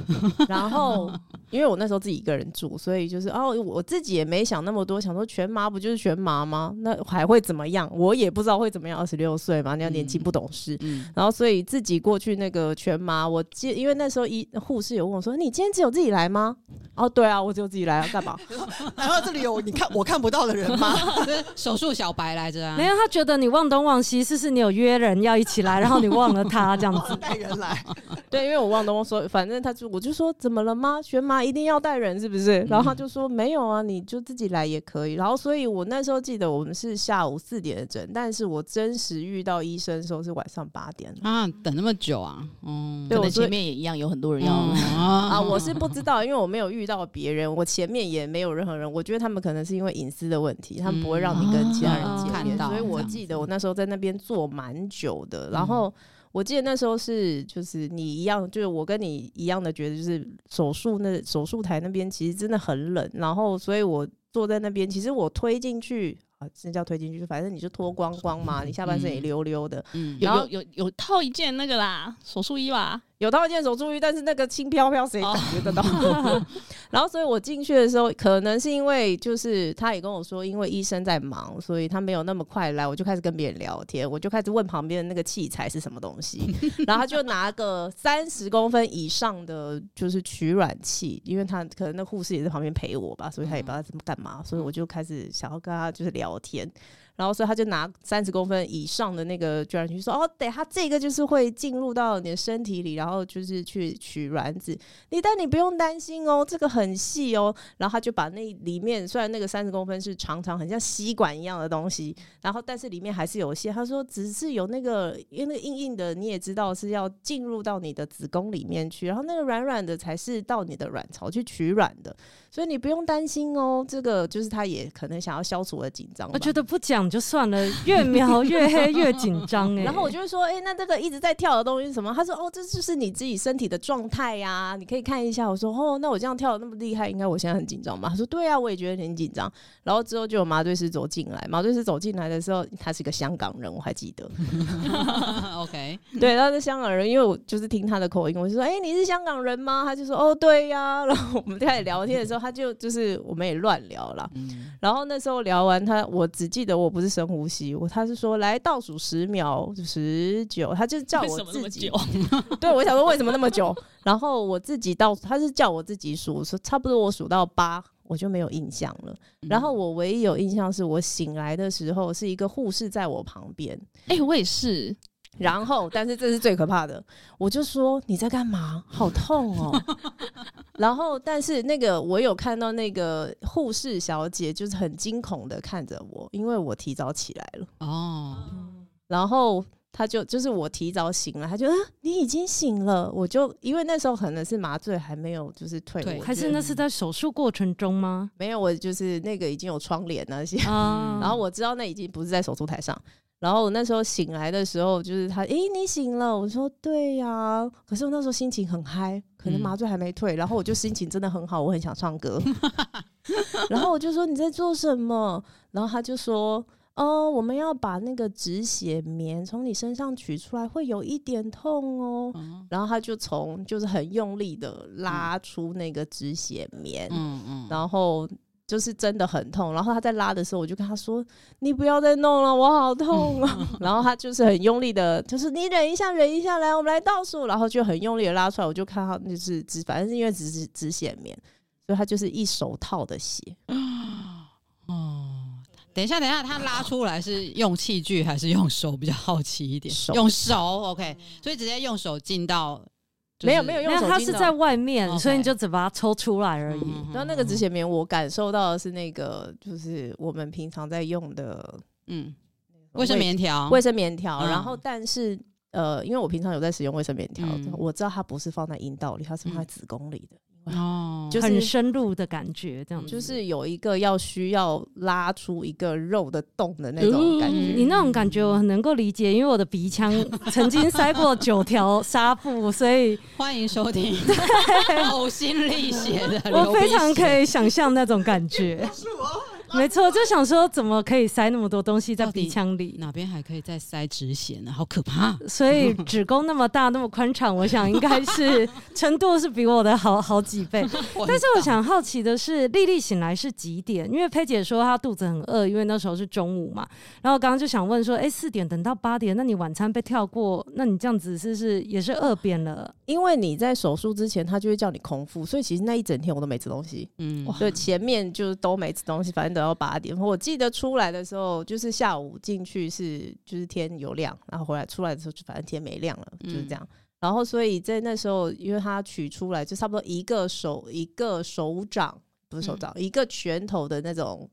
然後 因為我那時候自己一個人住，所以就是哦，我自己也沒想那麼多，想說全麻不就是全麻嗎？那還會怎麼樣？我也不知道會怎麼樣。十六歲嘛，你要年輕不懂事，嗯、然後所以自己過去那個全麻，我記，因為那時候醫護士有問我說：“你今天只有自己來嗎？”哦，對啊，我只有自己來，幹嘛？ 然後這裡有你看我看不到的人嗎？ 就是手術小白來着，啊。沒有，他覺得你望東望西，是是你有約人要一起來，然後你忘了他這樣子帶 人來？ 對，因為我望東說，反正他就我就說，我就說怎麼了嗎？全麻一定要帶人是不是？嗯、然後他就說沒有啊，你就自己來也可以。然後所以我那時候記得我們是下午四點的整，但是我真。時遇到醫生的時候是晚上八點啊，等那麼久啊？嗯，對我的、嗯、前面也一樣，有很多人要啊， 啊。我是不知道，因為我沒有遇到別人，我前面也沒有任何人。我覺得他們可能是因為隱私的問題，嗯、他們不會讓你跟其他人、哦、見面。看到。所以我記得我那時候在那邊坐蠻久的。嗯、然後我記得那時候是就是你一樣，就是我跟你一樣的覺得，就是手術那手術台那邊其實真的很冷。然後所以我坐在那邊，其實我推進去。啊，這叫推進去，反正你就脫光光嘛，嗯、你下半身也溜溜的，嗯、然後有有，有，有套一件那個啦，手術衣吧。有刀劍手注意，但是那個輕飄飄誰感覺得到？哦、 然後，所以我進去的時候，可能是因為就是他也跟我說，因為醫生在忙，所以他沒有那麼快來。我就開始跟別人聊天，我就開始問旁邊的那個器材是什麼東西， 然後他就拿個三十公分以上的就是取卵器，因為他可能那護士也在旁邊陪我吧，所以他也不知道怎麼幹嘛，嗯、所以我就開始想要跟他就是聊天。然後所以他就拿三十公分以上的那個鑽去說哦，對，他這個就是會進入到你的身體裡，然後就是去取卵子。你但你不用擔心哦，這個很細哦。然後他就把那裡面，雖然那個三十公分是長長很像吸管一樣的東西，然後但是裡面還是有些，他說只是有那個，因為那個硬硬的你也知道是要進入到你的子宮裡面去，然後那個軟軟的才是到你的卵巢去取卵的。所以你不用擔心哦，這個就是他也可能想要消除我的緊張。我覺得不講，就算了，越描越黑越、欸，越緊張哎。然後我就會說：“哎、欸，那這個一直在跳的東西是什麼？”他說：“哦，這就是你自己身體的狀態呀，你可以看一下。”我說：“哦，那我這樣跳得那麼厲害，應該我現在很緊張吧？”他說：“對呀，我也覺得挺緊張。”然後之後就有麻醉師走進來。麻醉師走進來的時候，他是一個香港人，我還記得。 Okay. 對，他是香港人，因為我就是聽他的口音，我就說：“哎、欸，你是香港人嗎？”他就說：“哦，對呀。”然後我們在聊天的時候，他就就是我們也亂聊了。嗯、然後那時候聊完他，他我只記得我。不是深呼吸，他是說來倒數十秒十九，他就叫我自己。為什麼那麼久嗎？對我想說為什麼那麼久？ 然後我自己倒，他是叫我自己數，說差不多我數到八，我就沒有印象了。嗯、然後我唯一有印象是我醒來的時候是一個護士在我旁邊。誒、欸，我也是。然後，但是這是最可怕的。我就說，你在幹嘛？好痛哦！ 然後，但是那個我有看到那個護士小姐，就是很驚恐的看着我，因為我提早起來了哦。然後他就就是我提早醒了，他就嗯、啊，你已經醒了。我就因為那時候可能是麻醉還沒有就是退，對就還是那是在手術過程中嗎？沒有，我就是那個已經有窗簾那些，啊、然後我知道那已經不是在手術台上。然後我那時候醒來的時候，就是他，哎、欸，你醒了？我說對呀、啊。可是我那時候心情很嗨，可能麻醉還沒退，嗯、然後我就心情真的很好，我很想唱歌。 然後我就說你在做什麼？然後他就說，哦，我們要把那個止血棉從你身上取出來，會有一點痛哦。嗯、然後他就從就是很用力的拉出那個止血棉。嗯、然後。就是真的很痛，然後他在拉的時候，我就跟他說：“你不要再弄了，我好痛啊！”嗯、然後他就是很用力的，就是你忍一下，忍一下，來，我們來倒數，然後就很用力的拉出來。我就看他，就是只，反正是因為只是止血棉，所以他就是一手套的血。哦、嗯嗯，等一下，等一下，他拉出來是用器具還是用手比較好奇一點？手，用手，OK，所以直接用手進到。沒有沒有沒有，沒有用，因為它是在外面。哦 okay，所以你就只把它抽出來而已。然後、嗯嗯嗯、那個止血棉，我感受到的是那個，就是我們平常在用的，嗯，衛生棉條，衛、嗯、生棉條。然後，但是呃，因為我平常有在使用衛生棉條，嗯、我知道它不是放在陰道裡，它是放在子宮裡的。嗯哦，oh, 很深入的感覺，這樣，就是、就是有一個要需要拉出一個肉的洞的那種感覺。嗯。你那種感覺我很能夠理解，因為我的鼻腔曾經塞過九條紗布， 所以歡迎收聽嘔心瀝血的， 我非常可以想象那種感覺。 沒錯，就想說怎麼可以塞那麼多東西在鼻腔裡？哪邊還可以再塞止血呢？好可怕！所以子宮那麼大那麼寬敞，我想應該是 程度是比我的好好幾倍。但是我想好奇的是，立立醒來是幾點？因為呸姐說她肚子很餓，因為那時候是中午嘛。然後剛剛就想問說，哎、欸，四點等到八點，那你晚餐被跳過，那你這樣子是不是也是餓扁了？因為你在手術之前，她就會叫你空腹，所以其實那一整天我都沒吃東西。嗯，哇對，前面就是都沒吃東西，反正。然後八點，我記得出來的時候，就是下午進去是就是天有亮，然後回來出來的時候，就反正天沒亮了，就是這樣。嗯、然後所以在那時候，因為他取出來就差不多一個手一個手掌，不是手掌、嗯、一個拳頭的那種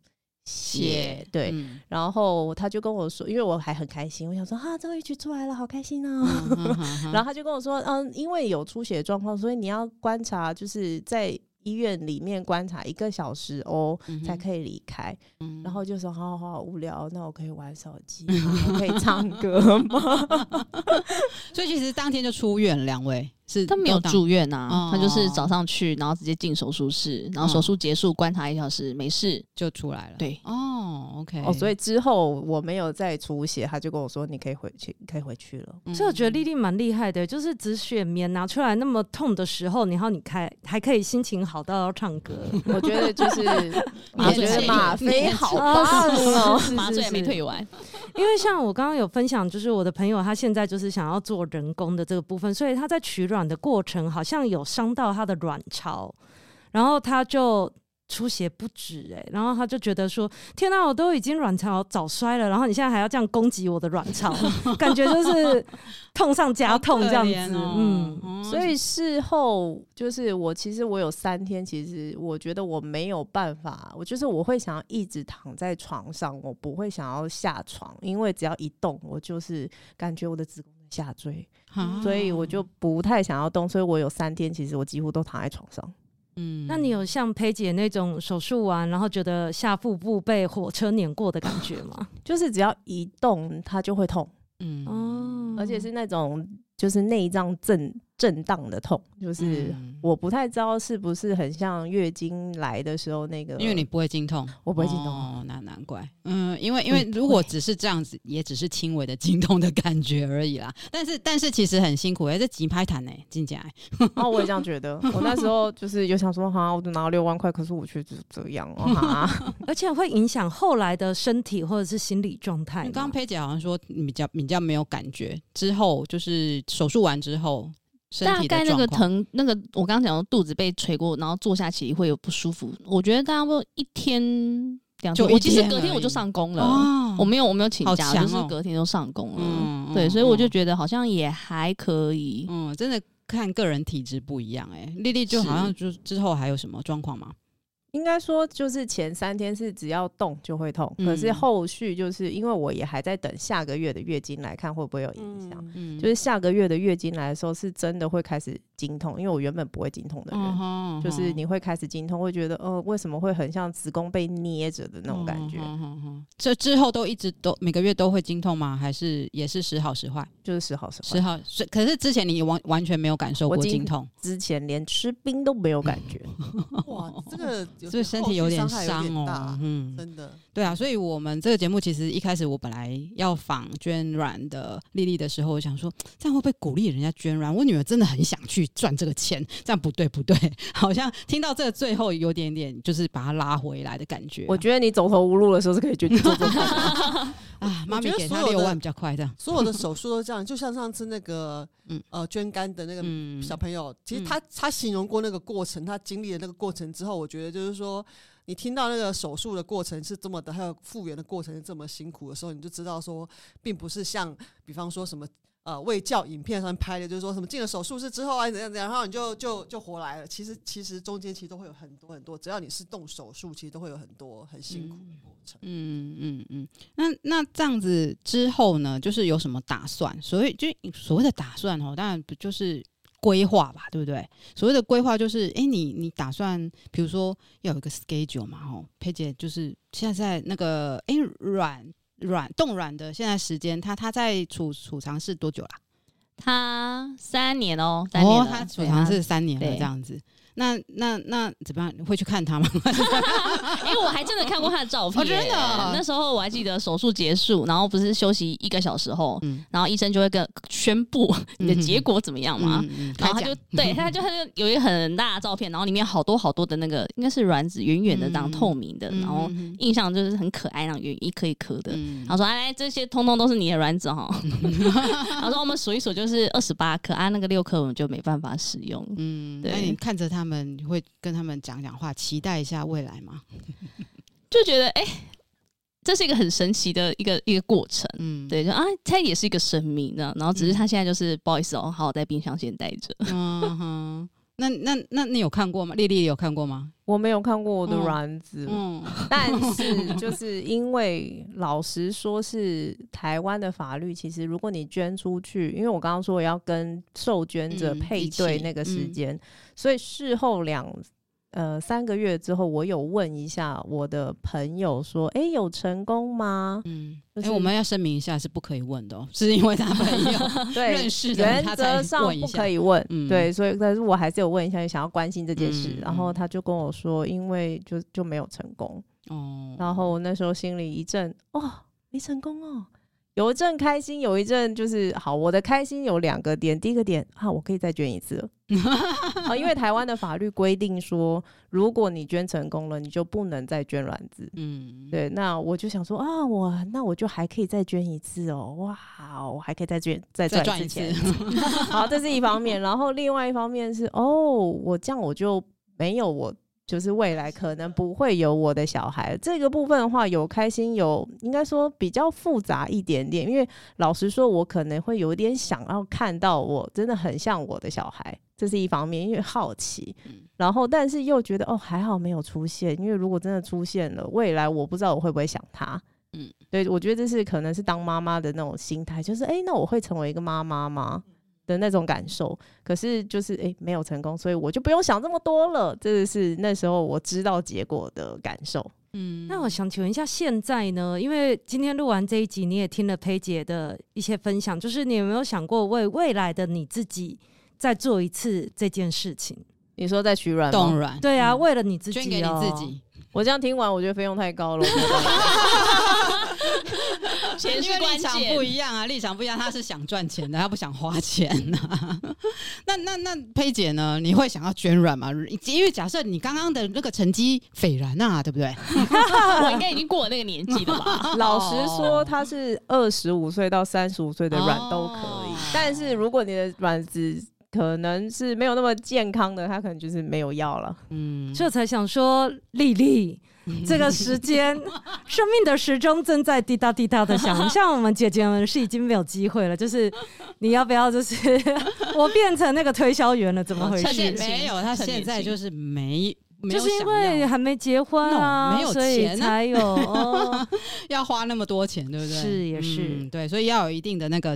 血，血對。嗯、然後他就跟我說，因為我還很開心，我想說啊，終於取出來了，好開心哦。呵呵呵 然後他就跟我說，嗯，因為有出血狀況，所以你要觀察，就是在。醫院裡面觀察一個小時哦，嗯、哼才可以離開。嗯、然後就說好好好，無聊，那我可以玩手機， 可以唱歌嗎？ 所以其實當天就出院了，兩位。是他沒有住院吶、啊，哦、他就是早上去，然後直接進手術室，然後手術結束觀察、嗯、一小時，沒事就出來了。對，哦，OK，哦，okay 所以之後我沒有再出血，他就跟我說你可以回去，可以回去了。嗯、所以我覺得立立蠻厲害的，就是止血棉拿出來那麼痛的時候，然後你開還,還可以心情好到要唱歌， 我覺得就是 麻醉麻醉好啊，麻醉也沒退完。因為像我剛剛有分享，就是我的朋友他現在就是想要做人工的這個部分，所以他在取卵。軟的過程好像有傷到他的卵巢，然後他就出血不止誒、欸，然後他就覺得說：“天哪，我都已經卵巢早衰了，然後你現在還要這樣攻擊我的卵巢， 感覺就是痛上加痛這樣子。哦”嗯，嗯所以事後就是我，其實我有三天，其實我覺得我沒有辦法，我就是我會想要一直躺在床上，我不會想要下床，因為只要一動，我就是感覺我的子宮下墜。嗯、所以我就不太想要動，所以我有三天，其實我幾乎都躺在床上。嗯，那你有像呸姐那種手術完，啊，然後覺得下腹部被火車碾過的感覺嗎？嗯。就是只要一動它就會痛。嗯哦，而且是那種就是內臟震震盪的痛，就是我不太知道是不是很像月經來的時候那個，因為你不會經痛，我不會經痛哦，怪嗯，因為因為如果只是這樣子，嗯、也只是輕微的驚動的感覺而已啦。但是但是其實很辛苦、欸，還是急拍彈呢，金靜哎。我也這樣覺得，我那時候就是有想說，哈， 我都拿了六萬塊，可是我卻這樣啊。 而且會影響後來的身體或者是心理狀態。剛剛佩姐好像說比較比較沒有感覺，之後就是手術完之後，身體的大概那個疼那個，我剛剛講說肚子被捶過，然後坐下去會有不舒服。我覺得大不多一天。就我其實隔天我就上工了，哦、我沒有我沒有請假，哦、就是隔天就上工了。嗯嗯、對，所以我就覺得好像也還可以。嗯，真的看個人體質不一樣、欸。誒，麗麗就好像就之後還有什麼狀況嗎？應該說，就是前三天是只要動就會痛，嗯、可是後續就是因為我也還在等下個月的月經來看會不會有影響。嗯嗯、就是下個月的月經來的時候，是真的會開始經痛，因為我原本不會經痛的人，嗯嗯、就是你會開始經痛，會覺得哦、呃，為什麼會很像子宮被捏着的那種感覺？嗯嗯嗯、這之後都一直都每個月都會經痛嗎？還是也是時好時壞？就是時好時壞。時好是，可是之前你完完全沒有感受過經痛，之前連吃冰都沒有感覺。 哇，這個。所以身體有點傷喔，嗯，真的。對啊，所以我們這個節目其實一開始，我本來要訪捐卵的立立的時候，我想說這樣會不會鼓勵人家捐卵？我女兒真的很想去賺這個錢，這樣不對不對，好像聽到這個最後有點點就是把她拉回來的感覺，啊。我覺得你走投無路的時候是可以捐。 啊，媽咪給他六萬比較快這樣，我的，所有的手術都這樣。就像上次那個、嗯、呃捐肝的那個小朋友，嗯、其實他、嗯、他形容過那個過程，他經歷了那個過程之後，我覺得就是說。你聽到那個手術的過程是這麼的，還有復原的過程是這麼辛苦的時候，你就知道說，並不是像比方說什麼呃，衛教影片上拍的，就是說什麼進了手術室之後啊，怎樣怎樣，然後你就就就活來了。其實其實中間其實都會有很多很多，只要你是動手術，其實都會有很多很辛苦的過程。嗯嗯嗯，那那這樣子之後呢，就是有什麼打算？所以就所謂的打算哦，當然不就是。規劃吧，對不對？所謂的規劃就是，哎、欸，你你打算，比如說要有一個 schedule 嘛，吼。呸姐就是現在，在那個，哎、欸，卵卵凍卵的，現在時間，他他在儲儲藏室多久了、啊？他三年、喔、三年哦，哦，他儲藏室三年了，嗎這樣子。那那那怎麼樣？你會去看他嗎？因 為、 欸、我還真的看過他的照片、欸。Oh, 真的、哦，那時候我還記得手術結束，然後不是休息一個小時後，嗯、然後醫生就會跟宣布你的結果怎麼樣嘛。嗯嗯嗯嗯、然後他就講對，他就他就有一個很大的照片，然後裡面好多好多的那個應該是卵子，圓圓的這樣、嗯、透明的，然後印象就是很可愛，那種圓一顆一顆的。嗯、然後說：“哎，這些通通都是你的卵子哈。嗯” 然後說：“我們數一數，就是二十八顆，啊，那個六顆我們就沒辦法使用。”嗯，對那你看着他。他們會跟他們講講話，期待一下未來嗎？ 就覺得哎、欸，這是一個很神奇的一個一個過程，嗯，對，就啊，他也是一個神明呢，然後只是他現在就是、嗯、不好意思哦，好好在冰箱先待着，嗯哼 那那那你有看過嗎？立立有看過嗎？我沒有看過我的卵子，嗯，嗯，但是就是因為老實說，是台灣的法律，其實如果你捐出去，因為我剛剛說要跟受捐者配對那個時間，嗯嗯、所以事後兩。呃，三個月之後，我有問一下我的朋友說，哎、欸，有成功嗎？嗯、就是欸，我們要聲明一下是不可以問的哦、喔，是因為他朋友 對認識的他，原則上不可以問。嗯、對，所以但是我還是有問一下，想要關心這件事。嗯、然後他就跟我說，嗯、因為就就沒有成功。哦、嗯，然後我那時候心裡一震，哦，沒成功哦。有一陣開心，有一陣就是好。我的開心有兩個點，第一個點啊，我可以再捐一次、 啊、因為台灣的法律規定說，如果你捐成功了，你就不能再捐卵子。嗯，對。那我就想說啊，我那我就還可以再捐一次哦、喔，哇，我還可以再捐再賺一,一次錢。 好，這是一方面。然後另外一方面是哦，我這樣我就沒有我。就是未來可能不會有我的小孩這個部分的話，有開心有應該說比較複雜一點點，因為老實說，我可能會有點想要看到我真的很像我的小孩，這是一方面，因為好奇。嗯。然後，但是又覺得哦，還好沒有出現，因為如果真的出現了，未來我不知道我會不會想他。嗯。對，我覺得這是可能是當媽媽的那種心態，就是誒，那我會成為一個媽媽嗎？的那種感受，可是就是誒、欸，沒有成功，所以我就不用想這麼多了，這是那時候我知道結果的感受。嗯，那我想請問一下，現在呢？因為今天錄完這一集，你也聽了呸姐的一些分享，就是你有沒有想過為未來的你自己再做一次這件事情？你說在取卵凍卵？凍卵，對啊，嗯、為了你自己、喔，捐給你自己。我這樣聽完，我覺得費用太高了。 因為立場不一樣啊，立場不一樣，他是想賺錢的，他不想花錢呢、啊。 那那那佩姐呢？你會想要捐卵嗎？因為假設你剛剛的那個成績斐然吶、啊，對不對？ 我應該已經過了那個年紀了吧？哦、老實說，他是二十五歲到三十五歲的卵都可以，哦、但是如果你的卵子可能是沒有那麼健康的，他可能就是沒有要了。嗯，這才想說麗麗。這個時間，生命的時鐘正在滴答滴答的響。像我們姐姐們是已經沒有機會了，就是你要不要？就是我變成那個推銷員了，怎麼回事？啊、沒有，他現在就是沒，沒有就是因為還沒結婚啊，no, 沒有錢、啊、所以才有 要花那麼多錢，對不對？是，是，也是、嗯，對，所以要有一定的那個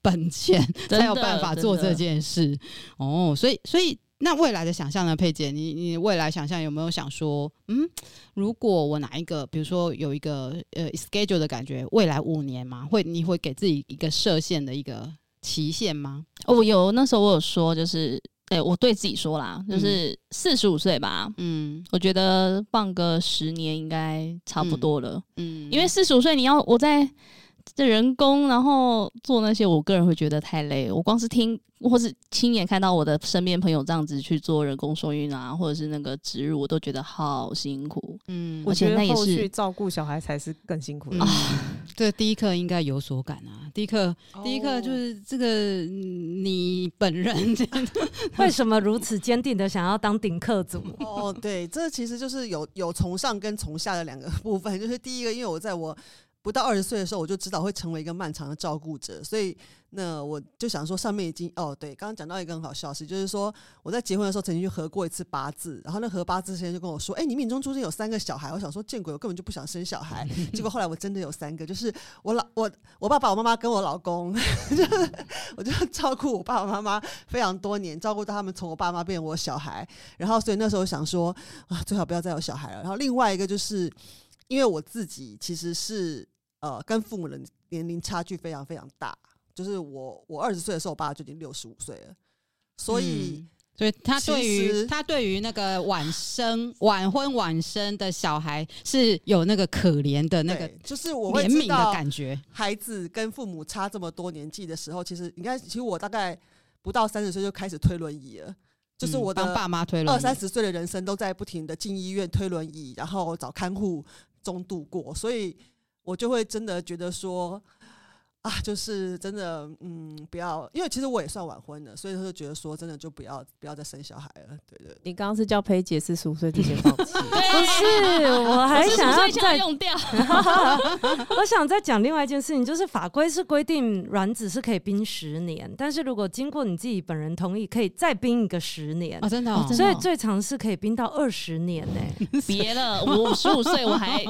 本錢，的才有辦法做這件事。哦的，oh, 所以，所以。那未來的想象呢，呸姐？你你未來想象有沒有想說，嗯，如果我哪一個，比如說有一個呃 schedule 的感覺，未來五年嘛，會你會給自己一個設限的一個期限嗎？哦，有，那時候我有說，就是哎，我對自己說啦，就是四十五歲吧，嗯，我覺得放個十年應該差不多了，嗯，嗯因為四十五歲你要我在。這人工，然後做那些，我個人會覺得太累。我光是聽，或是親眼看到我的身邊朋友這樣子去做人工受孕啊，或者是那個植入，我都覺得好辛苦。嗯，那也是我覺得後續照顧小孩才是更辛苦的、嗯嗯、啊。對，第一課應該有所感啊。第一課，哦、第一課就是這個你本人這樣， 為什麼如此堅定的想要當頂客族？哦，對，這其實就是有有從上跟從下的兩個部分。就是第一個，因為我在我。不到二十歲的時候，我就知道會成為一個漫長的照顧者，所以那我就想說，上面已經哦，對，剛剛講到一個很好笑的事，就是說我在結婚的時候曾經去合過一次八字，然後那合八字之前就跟我說：“哎、欸，你命中注定有三個小孩。”我想說，見鬼，我根本就不想生小孩。結果後來我真的有三個，就是我老我我爸爸、我媽媽跟我老公，就是， 我就照顧我爸爸媽媽非常多年，照顧到他們從我爸媽變我小孩。然後所以那時候想說啊，最好不要再有小孩了。然後另外一個就是因為我自己其實是。呃，跟父母的年齡差距非常非常大，就是我我二十歲的時候，我爸就已經六十五歲了，所以，嗯，所以他對於其實，他對於那個晚生晚婚晚生的小孩是有那個可憐的那個的，就是我憐憫的感覺。孩子跟父母差這麼多年紀的時候，其實你看，其實我大概不到三十歲就開始推輪椅了，就是我當爸媽推輪椅，二三十歲的人生都在不停的進醫院推輪椅，然後找看護中度過，所以。我就會真的覺得說。啊，就是真的，嗯，不要，因為其實我也算晚婚的，所以他就覺得說，真的就不要不要再生小孩了。對對，對，你剛剛是叫呸姐四十五歲之前放棄，嗯、對不是？我還想要再是要用掉， 我想再講另外一件事情，就是法規是規定卵子是可以冰十年，但是如果經過你自己本人同意，可以再冰一個十年。啊，真的。哦，哦真的哦。所以最長是可以冰到二十年呢、欸。別了，我五十五歲我還，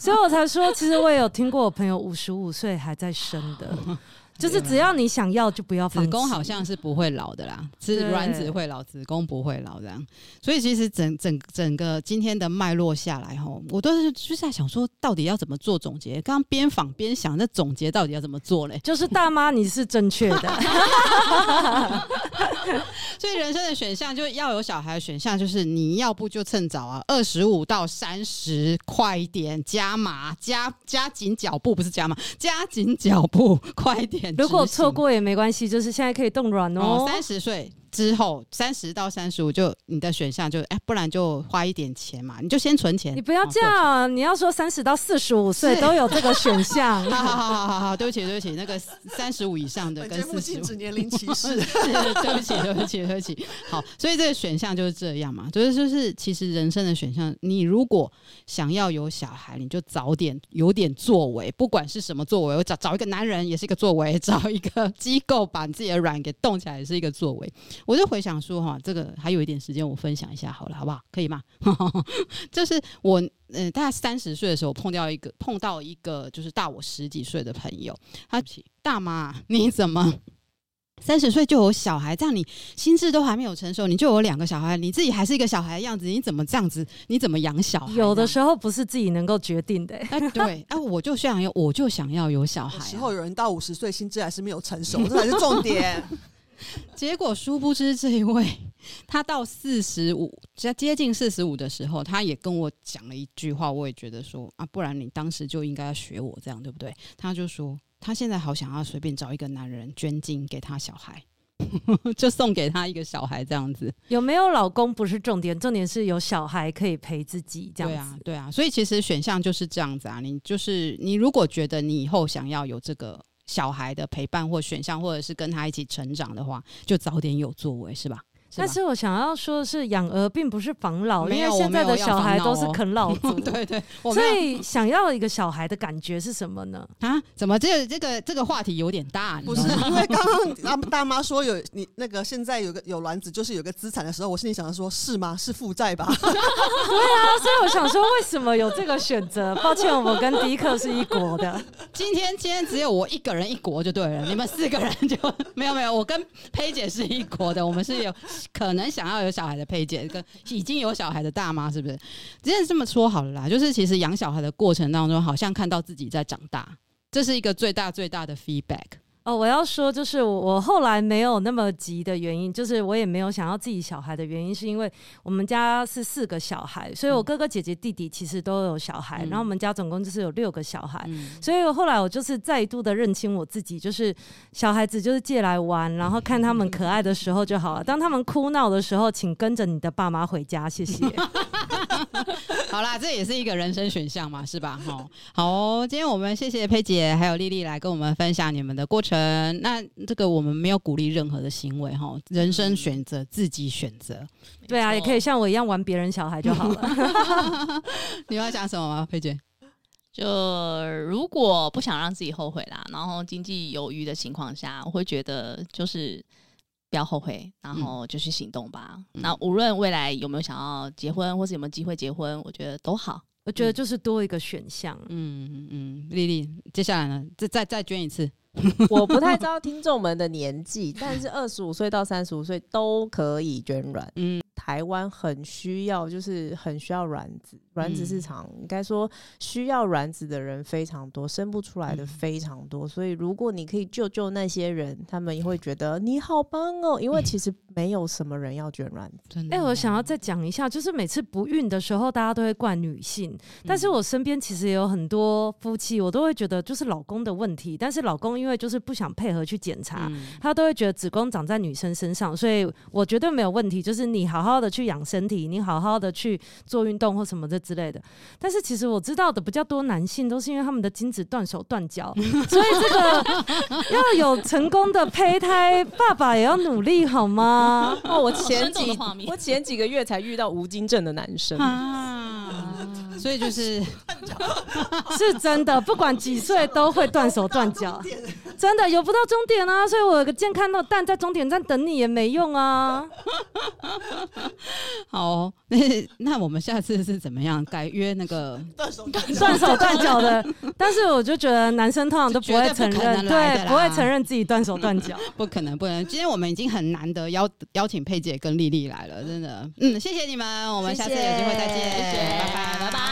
所以我才說，其實我也有聽過我朋友五十五歲還在生。呵呵就是只要你想要，就不要吧。子宮好像是不會老的啦，對是卵子會老，子宮不會老這樣。所以其實整整整個今天的脈絡下來、哦，哈，我都是就是、在想說，到底要怎麼做總結？剛剛邊訪邊想，那總結到底要怎麼做嘞？就是大媽，你是正確的。 所以人生的選項就要有小孩的選項，就是你要不就趁早啊，二十五到三十，快點加碼，加加緊腳步，不是加碼，加緊腳步，快點。如果錯過也沒關係，就是現在可以凍卵哦，喔，三十歲。之後三十到三十五，就你的選項就誒、欸，不然就花一點錢嘛，你就先存錢。你不要這樣、啊，錢你要說三十到四十五歲都有這個選項。好好好好好好， 哦嗯、對不起對不起，那個三十五以上的跟四十五，年齡歧視、 嗯。 對不起對不起對不起。好，所以這個選項就是這樣嘛，就是就是，其實人生的選項，你如果想要有小孩，你就早點有點作為，不管是什麼作為，我找找一個男人也是一個作為，找一個機構把你自己的卵給凍起來也是一個作為。我就回想說哈，這個還有一點時間，我分享一下好了，好不好？可以嗎？ 就是我嗯、呃，大概三十歲的時候碰掉一個，碰到一個就是大我十幾歲的朋友，他大媽，你怎麼三十歲就有小孩？這樣你心智都還沒有成熟，你就有兩個小孩，你自己還是一個小孩的樣子，你怎麼這樣子？你怎麼養小孩？有的時候不是自己能夠決定的、欸 啊。對，哎、啊，我就想要，我就想要有小孩、啊。時候有人到五十歲，心智還是沒有成熟，這才是重點。 結果殊不知，這一位他到四十五，接接近四十五的時候，他也跟我講了一句話。我也覺得說啊，不然你當時就應該要學我這樣，對不對？他就說，他現在好想要隨便找一個男人捐精給他小孩， 就送給他一個小孩這樣子。有沒有老公不是重點，重點是有小孩可以陪自己這樣子。對啊，對啊。所以其實選項就是這樣子啊，你就是你如果覺得你以後想要有這個。小孩的陪伴或選項，或者是跟他一起成長的話，就早點有作為，是吧？是，但是我想要說的是，養兒並不是防老，有因為現在的小孩都是啃老族。我哦、 對對，我所以想要一個小孩的感覺是什麼呢？啊？怎麼這個這個這個話題有點大？你不是，因為剛剛大大媽說有你那個現在有個有卵子，就是有個資產的時候，我心裡想要說是嗎？是負債吧？ 對啊，所以我想說，為什麼有這個選擇？抱歉，我們跟迪克是一國的。今天今天只有我一個人一國就對了，你們四個人就沒有沒有，我跟呸姐是一國的，我們是有。可能想要有小孩的呸姐，跟已經有小孩的大媽，是不是？只是這麼說好了啦。就是其實養小孩的過程當中，好像看到自己在長大，這是一個最大最大的 feedback。哦，我要說就是我，我後來沒有那麼急的原因，就是我也沒有想要自己小孩的原因，是因為我們家是四個小孩，所以我哥哥、姐姐、弟弟其實都有小孩，嗯、然後我們家總共就是有六個小孩，嗯、所以我後來我就是再度的認清我自己，就是小孩子就是借來玩，然後看他們可愛的時候就好了，嗯、當他們哭鬧的時候，請跟着你的爸媽回家，謝謝。 好啦，這也是一個人生選項嘛，是吧？哈，好，今天我們謝謝呸姐還有立立來跟我們分享你們的過程。那這個我們沒有鼓勵任何的行為，哈，人生選擇自己選擇。嗯。對啊，也可以像我一樣玩別人小孩就好了。 你要講什麼嗎，呸姐？就如果不想讓自己後悔啦，然後經濟有餘的情況下，我會覺得就是。不要後悔，然後就去行動吧。嗯、那無論未來有沒有想要結婚，或是有沒有機會結婚，我覺得都好。我覺得就是多一個選項、嗯。嗯嗯嗯，立立，接下來呢？再再再捐一次。 我不太知道聽眾們的年紀， 但是二十五歲到三十五歲都可以捐卵。嗯，台灣很需要，就是很需要卵子，卵子市場應該、嗯、說需要卵子的人非常多，生不出來的非常多，嗯、所以如果你可以救救那些人，他們也會覺得、嗯、你好棒哦、喔。因為其實沒有什麼人要捐卵、嗯，真的。哎、欸，我想要再講一下，就是每次不孕的時候，大家都會怪女性，但是我身邊其實也有很多夫妻，我都會覺得就是老公的問題，但是老公。因為就是不想配合去檢查，嗯、他都會覺得子宮長在女生身上，所以我絕對沒有問題。就是你好好的去養身體，你好好的去做運動或什麼的之類的。但是其實我知道的比較多，男性都是因為他們的精子斷手斷腳， 所以這個要有成功的胚胎， 爸爸也要努力好嗎？哦，我前幾我前幾個月才遇到無精症的男生啊。所以就是是真的，不管幾歲都會斷手斷腳，真的游不到終點啊！所以我有個健康的蛋在終點站等你也沒用啊。好、哦，那那我們下次是怎麼樣改約那個斷手斷手斷腳的？但是我就覺得男生通常都不會承認，對，不會承認自己斷手斷腳，不可能，不能。今天我們已經很難得邀邀請呸姐跟立立來了，真的，嗯，謝謝你們，我們下次有機會再見，謝謝，拜，拜拜，拜。